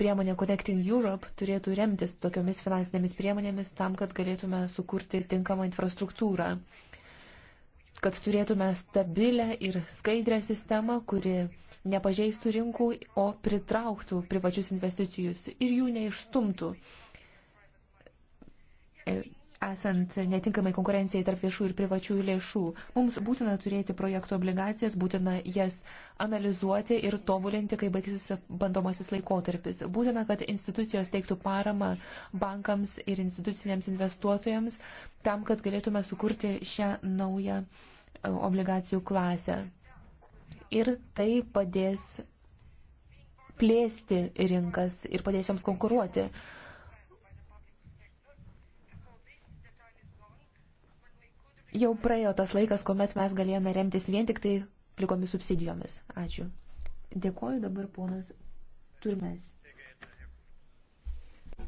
priemonė Connecting Europe turėtų remtis tokiomis finansinėmis priemonėmis tam, kad galėtume sukurti tinkamą infrastruktūrą, kad turėtume stabilę ir skaidrę sistemą, kuri nepažeistų rinkų, o pritrauktų privačius investicijus ir jų neišstumtų. E, esant netinkamai konkurencijai tarp viešų ir privačių lėšų. Mums būtina turėti projektų obligacijas, būtina jas analizuoti ir tobulinti, kai baigsis bandomasis laikotarpis. Būtina, kad institucijos teiktų paramą bankams ir instituciniams investuotojams tam, kad galėtume sukurti šią naują e, obligacijų klasę. Ir tai padės plėsti rinkas ir padės joms konkuruoti. Uh, jau praėjo tas laikas, kuomet mes galėjome remtis vien tik tai plikomis subsidijomis. Ačiū. Dėkuoju dabar ponas Turmes.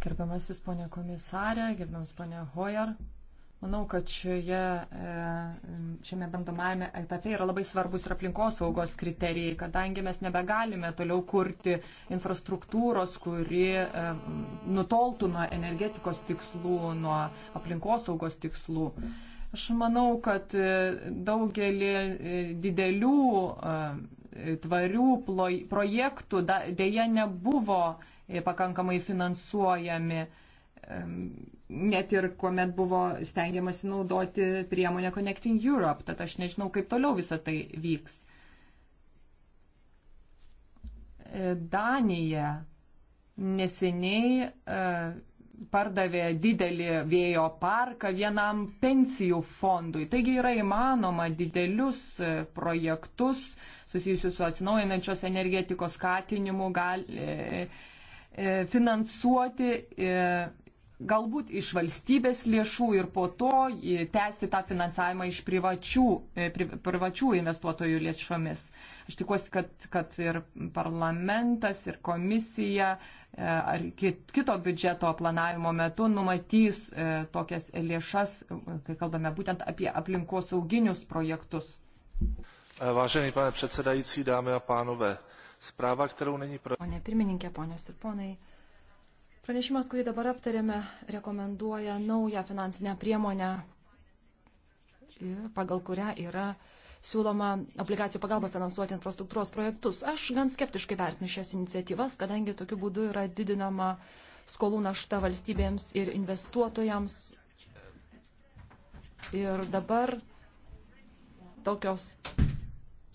Gerbiamasis ponė komisarė, gerbiamas ponė Hoyer, manau, kad šioje, e, šiame bandomajame etape yra labai svarbus ir aplinkosaugos kriterijai, kadangi mes nebegalime toliau kurti infrastruktūros, kuri e, nutoltų nuo energetikos tikslų, nuo aplinkosaugos tikslų. Mm Aš manau, kad e, daugelį e, didelių e, tvarių projektų dėja nebuvo pakankamai finansuojami, net ir kuomet buvo stengiamasi naudoti priemonę Connecting Europe, tad aš nežinau, kaip toliau visa tai vyks. Danija neseniai pardavė didelį vėjo parką vienam pensijų fondui. Taigi yra įmanoma didelius e, projektus susijusius su atsinaujinančios energetikos skatinimu gali, e, e, finansuoti galbūt iš valstybės lėšų ir po to tęsti tą finansavimą iš privačių, privačių investuotojų lėšomis. Aš tikiuosi, kad, kad ir parlamentas, ir komisija E, ar kito biudžeto planavimo metu numatys e, tokias lėšas, kai kalbame būtent apie aplinkosauginius projektus. E, vážený pane předsedající, dámy a pánové, zpráva, kterou není pro... Pone pirmininkė, ponios ir ponai, pranešimas, kurį dabar aptarėme, rekomenduoja naują finansinę priemonę, pagal kurią yra uh, siūloma obligacijų pagalba finansuoti infrastruktūros projektus. Aš gan skeptiškai vertinu šias iniciatyvas, kadangi tokiu būdu yra didinama skolų našta valstybėms ir investuotojams. Ir dabar tokios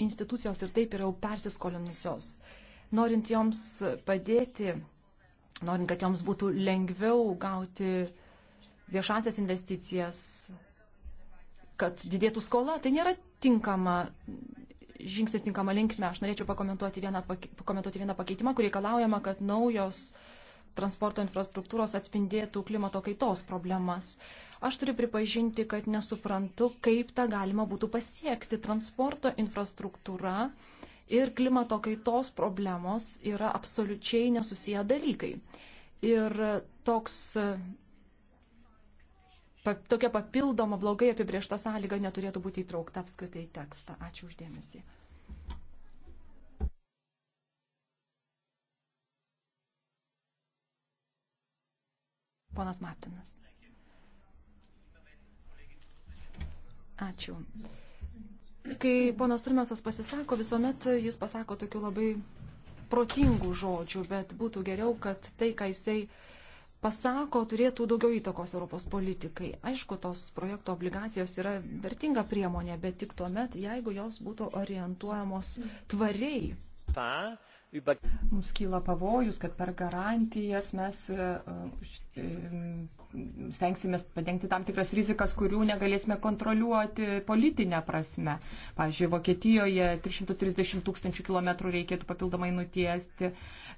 institucijos ir taip yra jau persiskolinusios. Norint joms padėti, norint, kad joms būtų lengviau gauti viešasias investicijas, kad didėtų skola, tai nėra tinkama žingsnis tinkama linkme. Aš norėčiau pakomentuoti vieną, pakomentuoti vieną pakeitimą, kur reikalaujama, kad naujos transporto infrastruktūros atspindėtų klimato kaitos problemas. Aš turiu pripažinti, kad nesuprantu, kaip tą galima būtų pasiekti. Transporto infrastruktūra ir klimato kaitos problemos yra absoliučiai nesusiję dalykai. Ir toks pa, tokia papildoma blogai apibriešta sąlyga neturėtų būti įtraukta apskritai į tekstą. Ačiū uždėmesį. Ponas Martinas. Ačiū. Kai ponas Turmesas pasisako, visuomet jis pasako tokių labai protingų žodžių, bet būtų geriau, kad tai, ką jisai uh, pasako, turėtų daugiau įtakos Europos politikai. Aišku, tos projekto obligacijos yra vertinga priemonė, bet tik tuo met, jeigu jos būtų orientuojamos tvariai. Mums kyla pavojus, kad per garantijas mes e, e, stengsimės padengti tam tikras rizikas, kurių negalėsime kontroliuoti politinę prasme. Pavyzdžiui, Vokietijoje 330 tūkstančių kilometrų reikėtų papildomai nutiesti,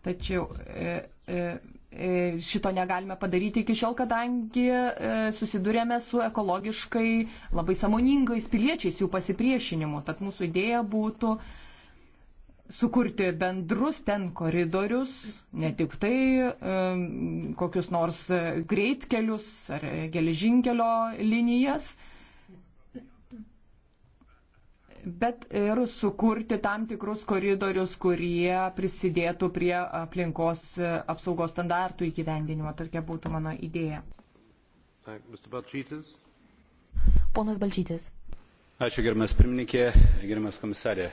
tačiau. E, e, E, šito negalime padaryti iki šiol, kadangi e, susidurėme su ekologiškai labai samoningais piliečiais jų pasipriešinimu. Tad mūsų idėja būtų sukurti bendrus ten koridorius, ne tik tai e, kokius nors greitkelius ar geležinkelio linijas, bet ir sukurti tam tikrus koridorius, kurie prisidėtų prie aplinkos e, apsaugos standartų įgyvendinimo. Tokia būtų mano idėja. Ponas Balčytis. Ačiū gerbiamas pirmininkė, gerbiamas komisarė.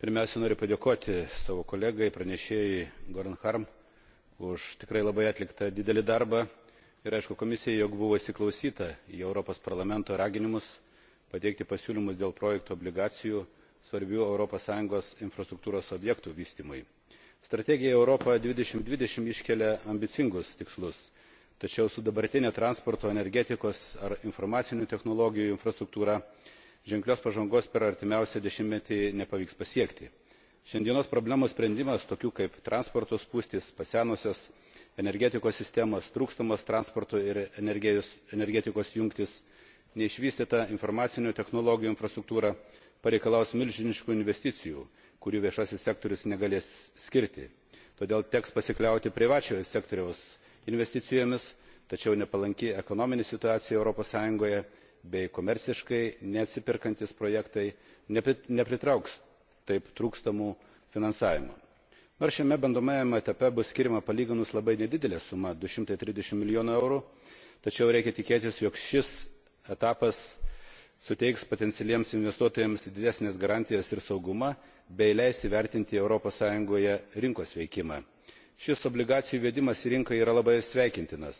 Pirmiausia, noriu padėkoti savo kolegai, pranešėjai Goran Harm už tikrai labai atliktą didelį darbą ir aišku komisijai, jog buvo įsiklausyta į Europos parlamento raginimus pateikti pasiūlymus dėl projektų obligacijų svarbių es infrastruktūros objektų vystymui. strategija europa du tūkstančiai dvidešimt iškelia ambicingus tikslus tačiau su dabartine transporto energetikos ar informacinių technologijų infrastruktūra ženklios pažangos per artimiausią dešimtmetį nepavyks pasiekti. šiandienos problemų sprendimas tokių kaip transporto spūstys pasenusios energetikos sistemos trūkstamos transporto ir energijos, energetikos jungtys neišvystyta informacinių technologijų infrastruktūra pareikalaus milžiniškų investicijų kurių viešasis sektorius negalės skirti todėl teks pasikliauti privačiojo sektoriaus investicijomis tačiau nepalanki ekonominė situacija europos sąjungoje bei komerciškai neatsiperkantys projektai nepritrauks taip trūkstamo finansavimo. nors šiame bandomajame etape bus skiriama palyginus labai nedidelė suma du šimtai trisdešimt milijonų eurų tačiau reikia tikėtis jog šis etapas suteiks potencialiems investuotojams didesnes garantijas ir saugumą bei leis įvertinti europos sąjungoje rinkos veikimą. šis obligacijų įvedimas į rinką yra labai sveikintinas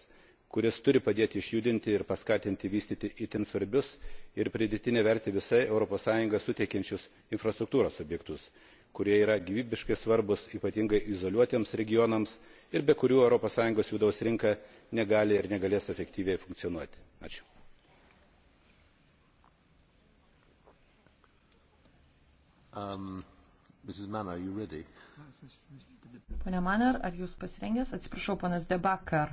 kuris turi padėti išjudinti ir paskatinti vystyti itin svarbius ir pridėtinę vertę visai europos sąjungai suteikiančius infrastruktūros objektus kurie yra gyvybiškai svarbūs ypatingai izoliuotiems regionams ir be kurių europos sąjungos vidaus rinka negali ir negalės efektyviai funkcionuoti. ačiū. Um, Mrs. Manner, you ready? Pone Manner, ar jūs pasirengęs? Atsiprašau, ponas Debakar.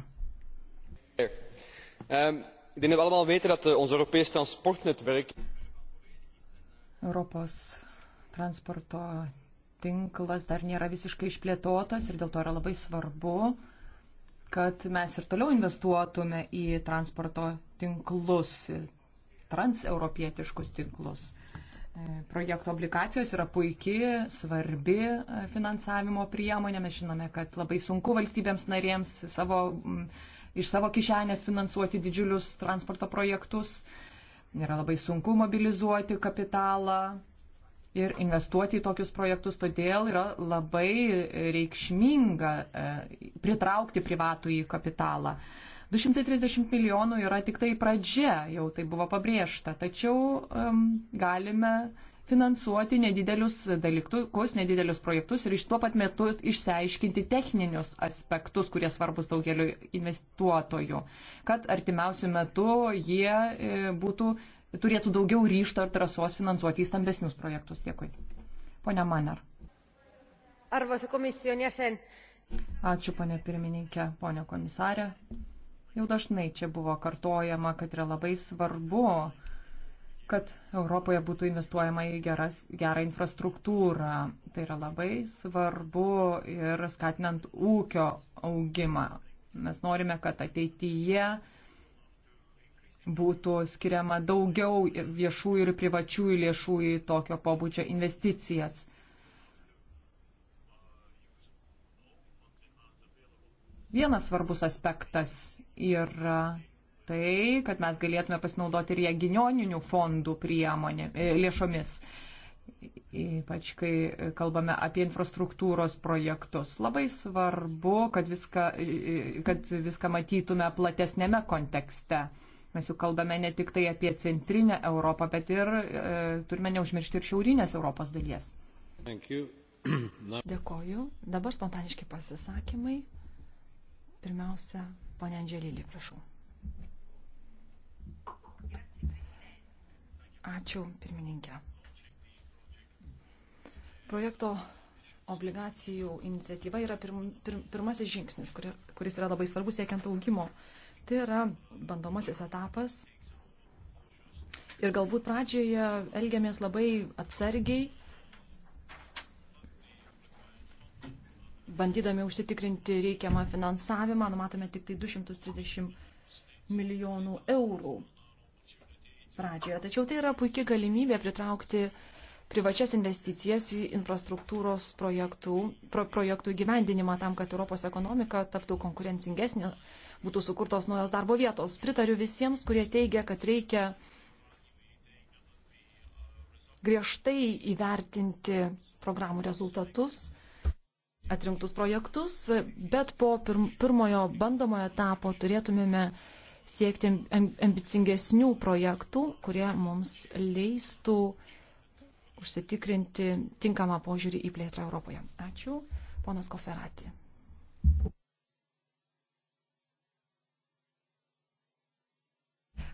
Um, ik denk dat we allemaal weten dat uh, ons Europees transportnetwerk. Europos transporto tinklas dar nėra visiškai išplėtotas ir dėl to yra labai svarbu, kad mes ir toliau investuotume į transporto tinklus, transeuropietiškus tinklus. Projekto obligacijos yra puikiai, svarbi e, finansavimo priemonė. Mes žinome, kad labai sunku valstybėms narėms savo, iš savo kišenės finansuoti didžiulius transporto projektus. Yra labai sunku mobilizuoti kapitalą ir investuoti į tokius projektus. Todėl yra labai reikšminga e, pritraukti privatų į kapitalą. 230 milijonų yra tik tai pradžia, jau tai buvo pabrėžta, tačiau um, galime finansuoti nedidelius dalykus, nedidelius projektus ir iš tuo pat metu išsiaiškinti techninius aspektus, kurie svarbus daugeliu investuotojų, kad artimiausių metų jie e, būtų, turėtų daugiau ryšto ir drąsos finansuoti į stambesnius projektus. Dėkui. Pone Manar. Arvoisa komission jäsen. Ačiū, ponė pirmininkė, ponė komisarė. Jau dažnai čia buvo kartojama, kad yra labai svarbu, kad Europoje būtų investuojama į geras, gerą infrastruktūrą. Tai yra labai svarbu ir skatinant ūkio augimą. Mes norime, kad ateityje būtų skiriama daugiau viešų ir privačių lėšų į tokio pobūdžio investicijas. Vienas svarbus aspektas yra tai, kad mes galėtume pasinaudoti ir regioninių fondų priemonė, e, lėšomis, ypač kai kalbame apie infrastruktūros projektus. Labai svarbu, kad viską, e, kad viską matytume platesnėme kontekste. Mes jau kalbame ne tik tai apie centrinę Europą, bet ir e, turime neužmiršti ir šiaurinės Europos dalies. Dėkoju. Dabar spontaniški pasisakymai. Pirmiausia, Pone Andželylį, prašau. Ačiū, pirmininkė. Projekto obligacijų iniciatyva yra pirm, pirm, pirmasis žingsnis, kuri, kuris yra labai svarbus siekiant augimo. Tai yra bandomasis etapas. Ir galbūt pradžioje elgiamės labai atsargiai, bandydami užsitikrinti reikiamą finansavimą, numatome tik tai 230 milijonų eurų pradžioje. Tačiau tai yra puikia galimybė pritraukti privačias investicijas į infrastruktūros projektų, pro, projektų gyvendinimą tam, kad Europos ekonomika taptų konkurencingesnė, būtų sukurtos naujos darbo vietos. Pritariu visiems, kurie teigia, kad reikia griežtai įvertinti programų rezultatus atrinktus projektus, bet po pirmojo bandomojo etapo turėtumėme siekti ambicingesnių projektų, kurie mums leistų užsitikrinti tinkamą požiūrį į plėtrą Europoje. Ačiū, ponas Koferati.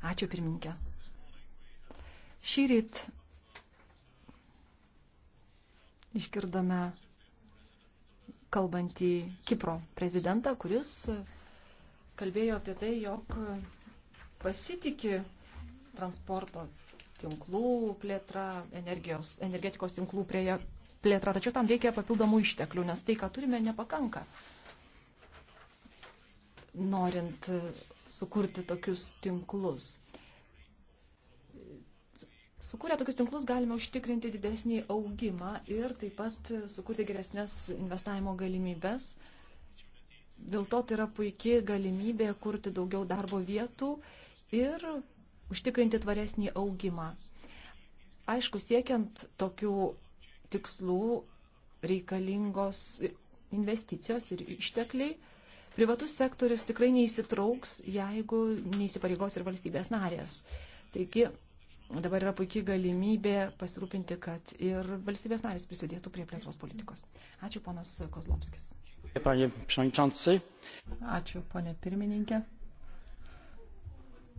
Ačiū, pirmininkė. Šį ryt išgirdome kalbantį Kipro prezidentą, kuris kalbėjo apie tai, jog pasitikė transporto tinklų plėtra, energijos, energetikos tinklų prieje plėtra, tačiau tam reikia papildomų išteklių, nes tai, ką turime, nepakanka. Norint sukurti tokius tinklus. Sukūrę tokius tinklus galime užtikrinti didesnį augimą ir taip pat sukurti geresnės investavimo galimybės. Dėl to tai yra puikiai galimybė kurti daugiau darbo vietų ir užtikrinti tvaresnį augimą. Aišku, siekiant tokių tikslų reikalingos investicijos ir ištekliai. Privatus sektorius tikrai neįsitrauks, jeigu neįsipareigos ir valstybės narės. Taigi dabar yra puikiai galimybė pasirūpinti, kad ir valstybės narės prisidėtų prie plėtros politikos. Ačiū, ponas Kozlovskis. Ačiū, ponė pirmininkė.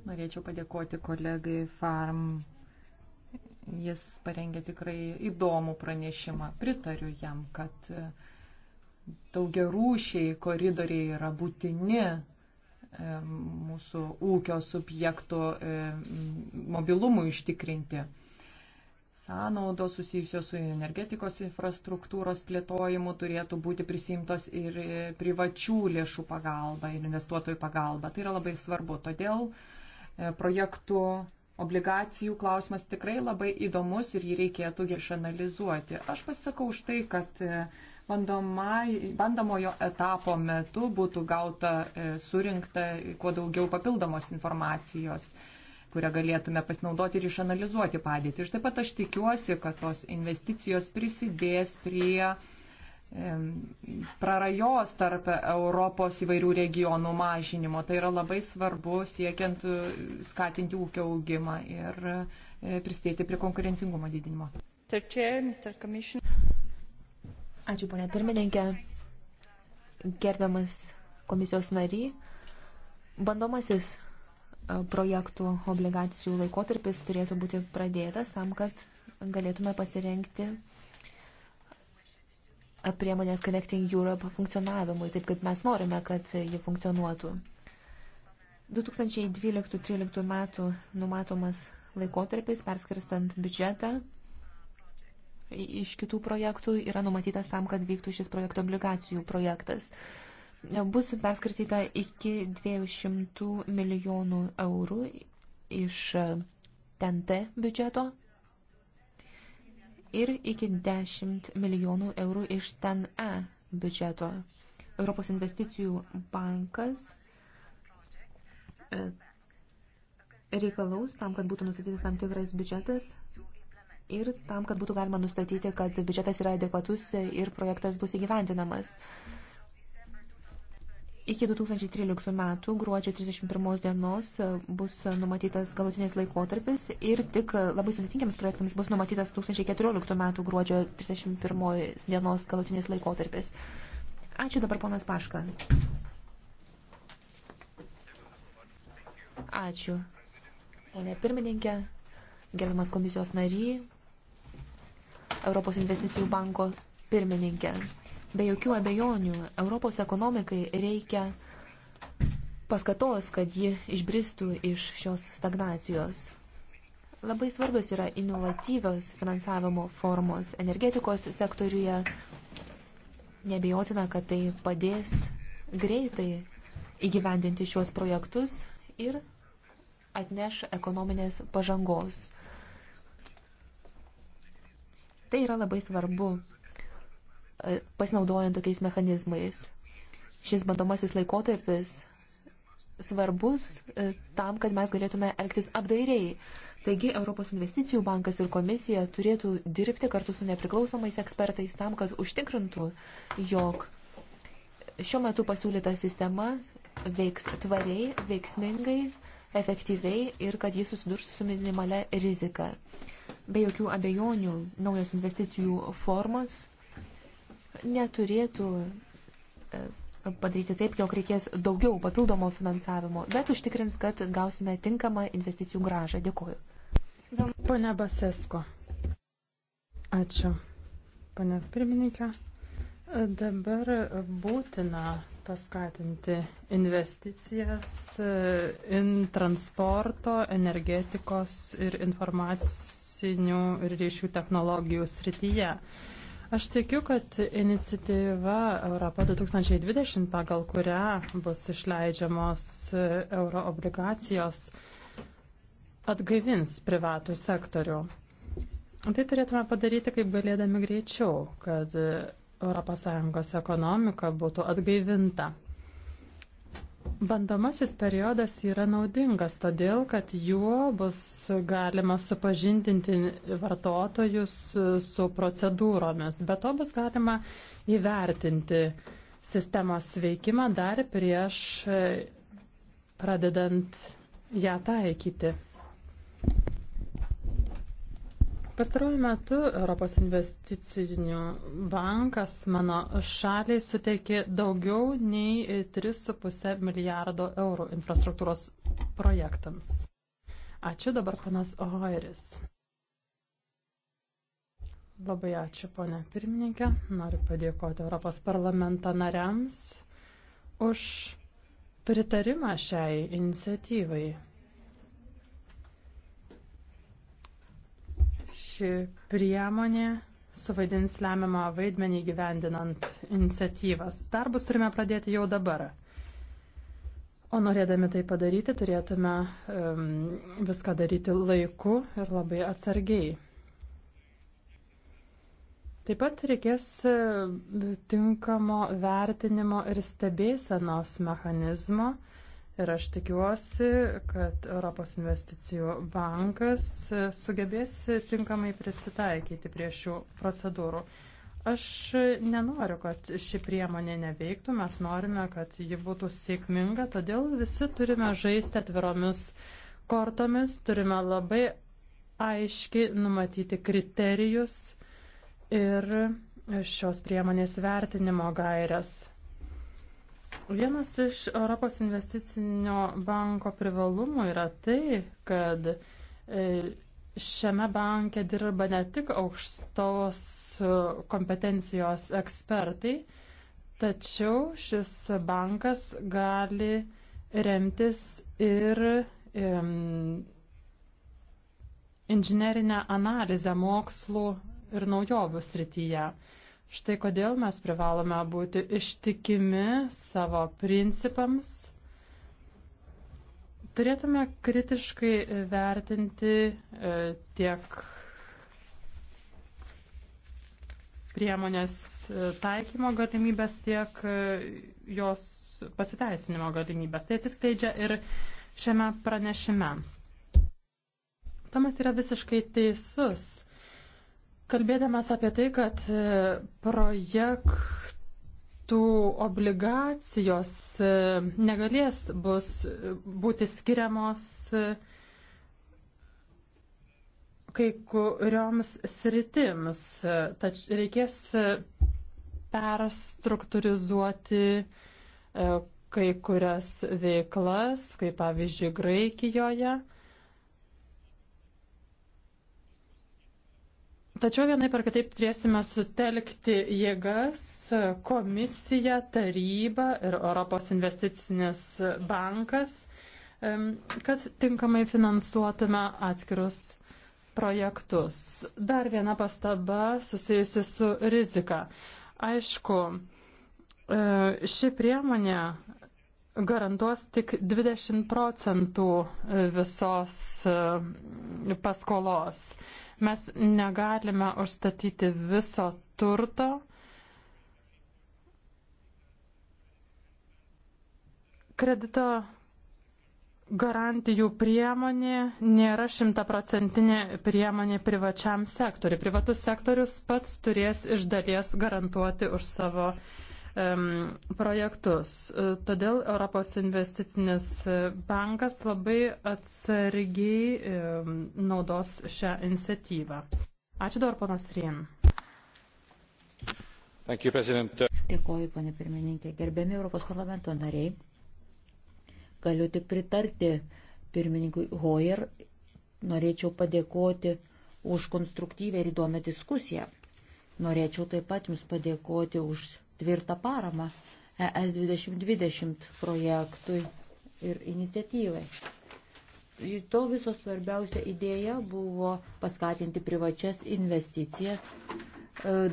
Norėčiau padėkoti kolegai Farm. Jis parengė tikrai įdomų pranešimą. Pritariu jam, kad daugia rūšiai koridoriai yra būtini E, mūsų ūkio subjektų e, mobilumui ištikrinti. Sąnaudos susijusios su energetikos infrastruktūros plėtojimu turėtų būti prisimtos ir e, privačių lėšų pagalba ir investuotojų pagalba. Tai yra labai svarbu. Todėl projektų obligacijų klausimas tikrai labai įdomus ir jį reikėtų išanalizuoti. Aš pasisakau už tai, kad bandomai, bandomojo etapo metu būtų gauta, e, surinkta kuo daugiau papildomos informacijos kurią galėtume pasinaudoti ir išanalizuoti padėtį. Ir taip pat aš tikiuosi, kad tos investicijos prisidės prie prarajos tarp Europos įvairių regionų mažinimo. Tai yra labai svarbu siekiant e, skatinti ūkio augimą ir e, prisidėti prie konkurencingumo didinimo. Ačiū, ponė pirmininkė. Gerbiamas komisijos nary, bandomasis projektų obligacijų laikotarpis turėtų būti pradėtas tam, kad galėtume pasirengti priemonės Connecting Europe funkcionavimui, taip kaip mes norime, kad ji funkcionuotų. 2012-2013 metų numatomas laikotarpis, perskirstant biudžetą, iš kitų projektų yra numatytas tam, kad vyktų šis projekto obligacijų projektas. Bus perskirtyta iki 200 milijonų eurų iš TNT biudžeto ir iki 10 milijonų eurų iš TNE biudžeto. Europos investicijų bankas e, reikalaus tam, kad būtų nustatytas tam tikras biudžetas ir tam, kad būtų galima nustatyti, kad biudžetas yra adekvatus ir projektas bus įgyvendinamas. Iki 2013 metų gruodžio 31 dienos bus numatytas galutinės laikotarpis ir tik labai sudėtingiams projektams bus numatytas 2014 metų gruodžio 31 dienos galutinės laikotarpis. Ačiū dabar ponas Paška. Ačiū. Pone pirmininkė, gerbiamas komisijos nary, Europos investicijų banko pirmininkė. Be jokių abejonių, Europos ekonomikai reikia paskatos, kad ji išbristų iš šios stagnacijos. Labai svarbios yra inovatyvios finansavimo formos energetikos sektoriuje. Nebejotina, kad tai padės greitai įgyvendinti šios projektus ir atneš ekonominės pažangos. Tai yra labai svarbu e, pasinaudojant tokiais mechanizmais. Šis bandomasis laikotarpis svarbus e, tam, kad mes galėtume elgtis apdairiai. Taigi Europos investicijų bankas ir komisija turėtų dirbti kartu su nepriklausomais ekspertais tam, kad užtikrintų, jog šiuo metu pasiūlyta sistema veiks tvariai, veiksmingai, efektyviai ir kad jis susidurs su minimale rizika. Be jokių abejonių naujos investicijų formos neturėtų e, padaryti taip, jog reikės daugiau papildomo finansavimo, bet užtikrins, kad gausime tinkamą investicijų gražą. Dėkuoju. Pane Basesko. Ačiū, pane pirmininkė. Dabar būtina paskatinti investicijas e, in transporto, energetikos ir informacijos informacinių ryšių technologijų srityje. Aš tikiu, kad iniciatyva Europa 2020, pagal kurią bus išleidžiamos e, euroobligacijos, atgaivins privatų sektorių. Tai turėtume padaryti kaip galėdami greičiau, kad ES ekonomika būtų atgaivinta. Bandomasis periodas yra naudingas, todėl kad juo bus galima supažindinti vartotojus su procedūromis, bet to bus galima įvertinti sistemos veikimą dar prieš e, pradedant ją taikyti. Pastaruoju metu Europos investicinių bankas mano šaliai suteikė daugiau nei 3,5 milijardo eurų infrastruktūros projektams. Ačiū dabar panas Oiris. Labai ačiū, ponė pirmininkė. Noriu padėkoti Europos parlamento nariams už pritarimą šiai iniciatyvai. Ši priemonė suvaidins lemiamą vaidmenį gyvendinant iniciatyvas. Darbus turime pradėti jau dabar. O norėdami tai padaryti, turėtume um, viską daryti laiku ir labai atsargiai. Taip pat reikės e, tinkamo vertinimo ir stebėsenos mechanizmo, uh, Ir aš tikiuosi, kad Europos investicijų bankas e, sugebės tinkamai prisitaikyti prie šių procedūrų. Aš nenoriu, kad ši priemonė neveiktų, mes norime, kad ji būtų sėkminga, todėl visi turime žaisti atviromis kortomis, turime labai aiškiai numatyti kriterijus ir šios priemonės vertinimo gairias. Vienas iš Europos investicinio banko privalumų yra tai, kad e, šiame banke dirba ne tik aukštos kompetencijos ekspertai, tačiau šis bankas gali remtis ir inžinerinę analizę mokslų ir naujovių srityje. Štai kodėl mes privalome būti ištikimi savo principams. Turėtume kritiškai vertinti e, tiek priemonės e, taikymo galimybės, tiek e, jos pasiteisinimo galimybės. Tai atsiskleidžia ir šiame pranešime. Tomas yra visiškai teisus Kalbėdamas apie tai, kad e, projektų obligacijos e, negalės bus e, būti skiriamos kai kurioms sritims, tač reikės perstruktūrizuoti kai kurias veiklas, kaip pavyzdžiui Graikijoje. Tačiau vienai per kitaip turėsime sutelkti jėgas komisija, taryba ir Europos investicinis bankas, kad tinkamai finansuotume atskirus projektus. Dar viena pastaba susijusi su rizika. Aišku, e, ši priemonė garantuos tik 20 procentų e, visos e, paskolos. Mes negalime užstatyti viso turto. Kredito garantijų priemonė nėra šimtaprocentinė priemonė privačiam sektoriui. Privatus sektorius pats turės iš dalies garantuoti už savo uh, projektus. E, todėl Europos investicinis bankas labai atsargiai naudos šią iniciatyvą. Ačiū dar, ponas Rien. Dėkuoju, ponė pirmininkė. Gerbiami Europos parlamento nariai, galiu tik pritarti pirmininkui Hoyer. Norėčiau padėkoti už konstruktyvę ir įdomią diskusiją. Norėčiau taip pat Jums padėkoti už tvirtą paramą ES 2020 projektui ir iniciatyvai. To viso svarbiausia idėja buvo paskatinti privačias investicijas, e,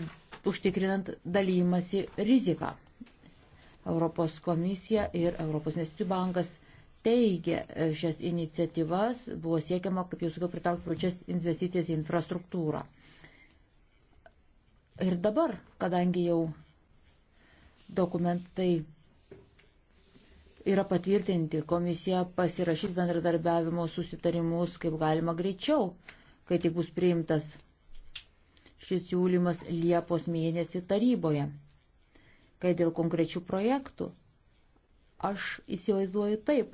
užtikrinant dalymasi riziką. Europos komisija ir Europos investicijų bankas teigia e, šias iniciatyvas, buvo siekiama, kaip jau sakiau, pritraukti pačias investicijas į infrastruktūrą. Ir dabar, kadangi jau Dokumentai yra patvirtinti, komisija pasirašys bendradarbiavimo susitarimus kaip galima greičiau, kai tik bus priimtas šis siūlymas Liepos mėnesį taryboje. Kai dėl konkrečių projektų, aš įsivaizduoju taip.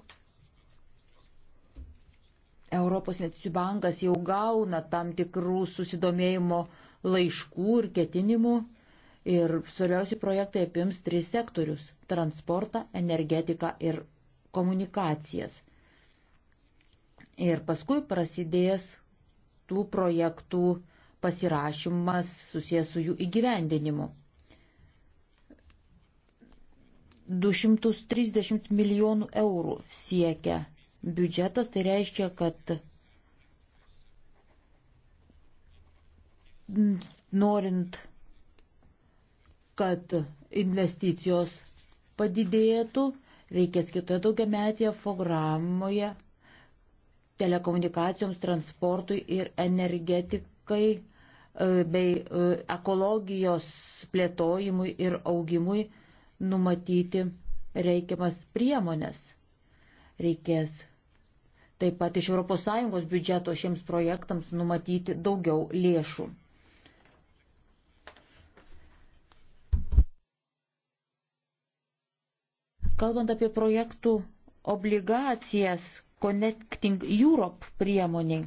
Europos investicijų bankas jau gauna tam tikrų susidomėjimo laiškų ir ketinimų Ir svarbiausi projektai apims tris sektorius - transportą, energetiką ir komunikacijas. Ir paskui prasidės tų projektų pasirašymas susijęs su jų įgyvendinimu. 230 milijonų eurų siekia biudžetas, tai reiškia, kad norint kad investicijos padidėtų, reikės kitoje daugiametėje programoje telekomunikacijoms, transportui ir energetikai e, bei e, ekologijos plėtojimui ir augimui numatyti reikiamas priemonės. Reikės taip pat iš ES biudžeto šiems projektams numatyti daugiau lėšų. Kalbant apie projektų obligacijas Connecting Europe priemoniai,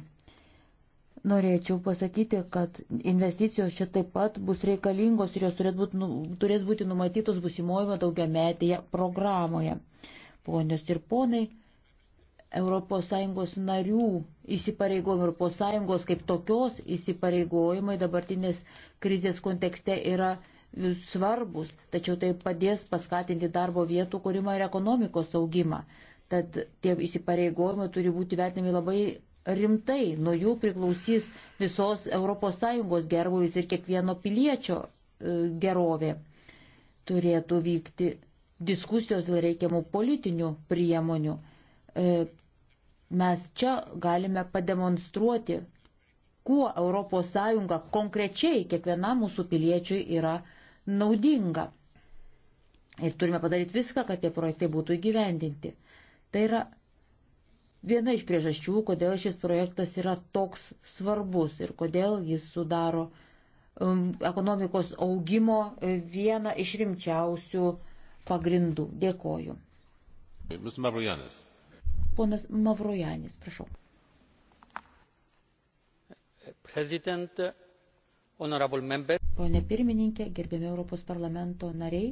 norėčiau pasakyti, kad investicijos čia taip pat bus reikalingos ir jos turės būti, nu, turės būti numatytos busimojimo daugiametėje programoje. Ponios ir ponai, ES narių įsipareigojimai, ES kaip tokios įsipareigojimai dabartinės krizės kontekste yra svarbus, tačiau tai padės paskatinti darbo vietų kūrimą ir ekonomikos augimą. Tad tie įsipareigojimai turi būti vertinami labai rimtai, nuo jų priklausys visos ES gerbuvis ir kiekvieno piliečio e, gerovė. Turėtų vykti diskusijos dėl reikiamų politinių priemonių. E, mes čia galime pademonstruoti, kuo ES konkrečiai kiekvienam mūsų piliečiui yra naudinga. Ir turime padaryti viską, kad tie projektai būtų įgyvendinti. Tai yra viena iš priežasčių, kodėl šis projektas yra toks svarbus ir kodėl jis sudaro um, ekonomikos augimo vieną iš rimčiausių pagrindų. Dėkoju. Mavrojanis. Ponas Mavrojanis, prašau. President, honorable member ponė pirmininkė, gerbėmi Europos parlamento nariai.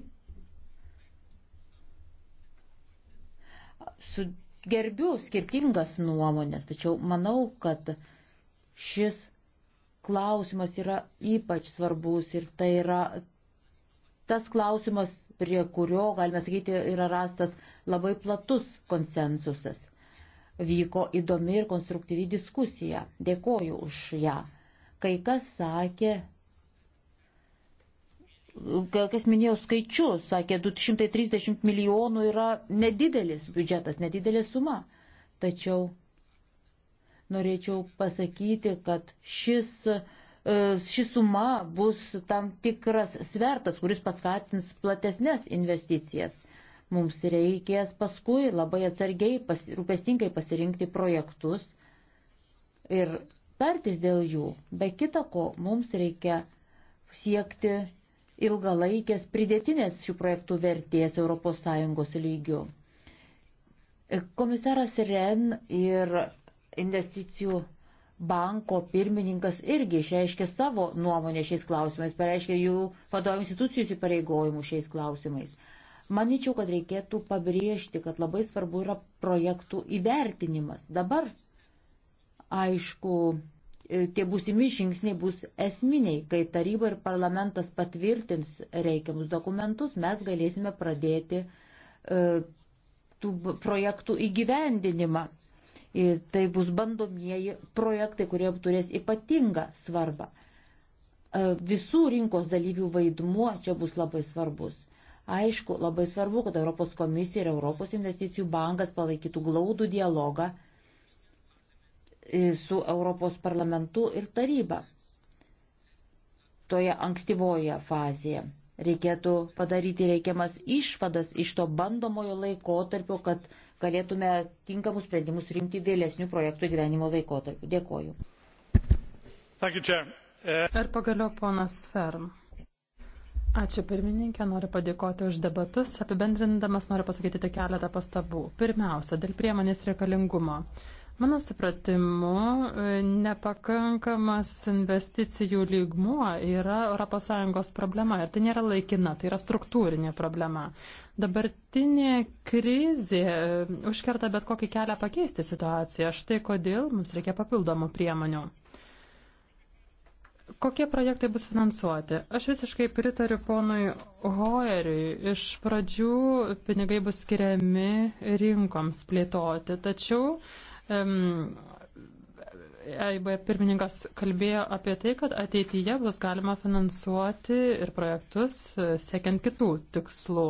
Su gerbiu skirtingas nuomonės, tačiau manau, kad šis klausimas yra ypač svarbus ir tai yra tas klausimas, prie kurio, galime sakyti, yra rastas labai platus konsensusas. Vyko įdomi ir konstruktyvi diskusija. Dėkoju už ją. Kai kas sakė, kas minėjo skaičius, sakė, 230 milijonų yra nedidelis biudžetas, nedidelė suma. Tačiau norėčiau pasakyti, kad šis, e, ši suma bus tam tikras svertas, kuris paskatins platesnės investicijas. Mums reikės paskui labai atsargiai, pas, rūpestingai pasirinkti projektus ir pertis dėl jų. Be kita ko, mums reikia siekti ilgalaikės pridėtinės šių projektų vertės ES lygių. Komisaras Ren ir investicijų banko pirmininkas irgi išreiškė savo nuomonę šiais klausimais, pareiškė jų vadovų institucijų įsipareigojimų šiais klausimais. Maničiau, kad reikėtų pabrėžti, kad labai svarbu yra projektų įvertinimas. Dabar, aišku, tie būsimi žingsniai bus esminiai. Kai taryba ir parlamentas patvirtins reikiamus dokumentus, mes galėsime pradėti e, tų projektų įgyvendinimą. Ir tai bus bandomieji projektai, kurie turės ypatingą svarbą. E, visų rinkos dalyvių vaidmuo čia bus labai svarbus. Aišku, labai svarbu, kad Europos komisija ir Europos investicijų bankas palaikytų glaudų dialogą su Europos parlamentu ir taryba. Toje ankstyvoje fazėje reikėtų padaryti reikiamas išvadas iš to bandomojo laikotarpio, kad galėtume tinkamus sprendimus rimti vėlesnių projektų gyvenimo laikotarpiu. Dėkoju. Ir uh, pagaliau ponas Ferm. Ačiū pirmininkė, noriu padėkoti už debatus. Apibendrindamas noriu pasakyti tik keletą pastabų. Pirmiausia, dėl priemonės reikalingumo. Mano supratimu, e, nepakankamas investicijų lygmuo yra ES problema ir tai nėra laikina, tai yra struktūrinė problema. Dabartinė krizė e, užkerta bet kokį kelią pakeisti situaciją. Štai kodėl mums reikia papildomų priemonių. Kokie projektai bus finansuoti? Aš visiškai pritariu ponui Hoeriui. Iš pradžių pinigai bus skiriami rinkoms plėtoti, tačiau EIB e pirmininkas kalbėjo apie tai, kad ateityje bus galima finansuoti ir projektus e, siekiant kitų tikslų.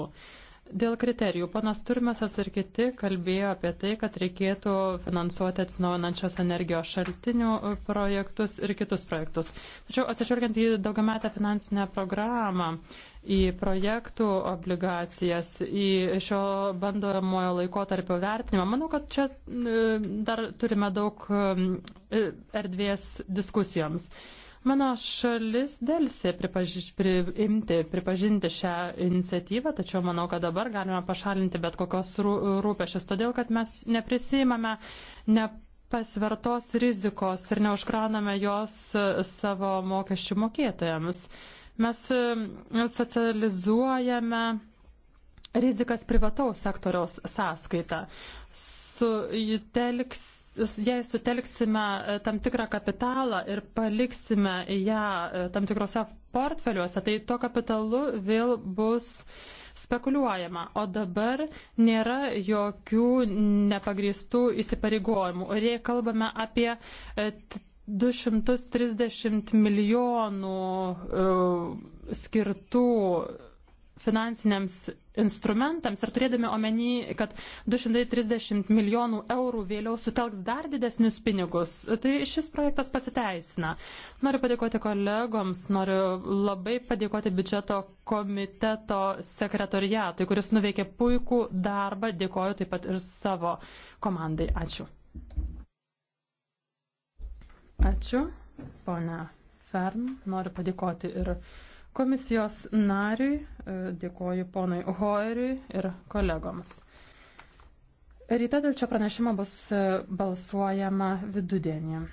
Dėl kriterijų, panas Turmesas ir kiti kalbėjo apie tai, kad reikėtų finansuoti atsinaujinančios energijos šaltinių e, projektus ir kitus projektus. Tačiau atsižvelgiant į daugiametę finansinę programą, į projektų obligacijas, į šio bandomojo laiko tarpio vertinimą, manau, kad čia e, dar turime daug e, erdvės diskusijoms. Mano šalis dėlsė pripažinti, priimti, pripažinti šią iniciatyvą, tačiau manau, kad dabar galime pašalinti bet kokios rūpešės, todėl kad mes neprisijimame nepasvertos rizikos ir neužkrauname jos savo mokesčių mokėtojams. Mes socializuojame rizikas privataus sektoriaus sąskaita. Sutelks, jei sutelksime e, tam tikrą kapitalą ir paliksime ją e, tam tikrose portfeliuose, tai to kapitalu vėl bus spekuliuojama, o dabar nėra jokių nepagrįstų įsipareigojimų. Ir jei kalbame apie 230 e, milijonų skirtų finansiniams instrumentams ir turėdami omeny, kad 230 milijonų eurų vėliau sutelks dar didesnius pinigus, tai šis projektas pasiteisina. Noriu padėkoti kolegoms, noriu labai padėkoti biudžeto komiteto sekretoriatui, kuris nuveikė puikų darbą, dėkoju taip pat ir savo komandai. Ačiū. Ačiū, ponia Ferm, noriu padėkoti ir Komisijos nariui, e, dėkoju ponui Hoeriui ir kolegoms. Ryte dėl čia pranešimo bus e, balsuojama vidudienį.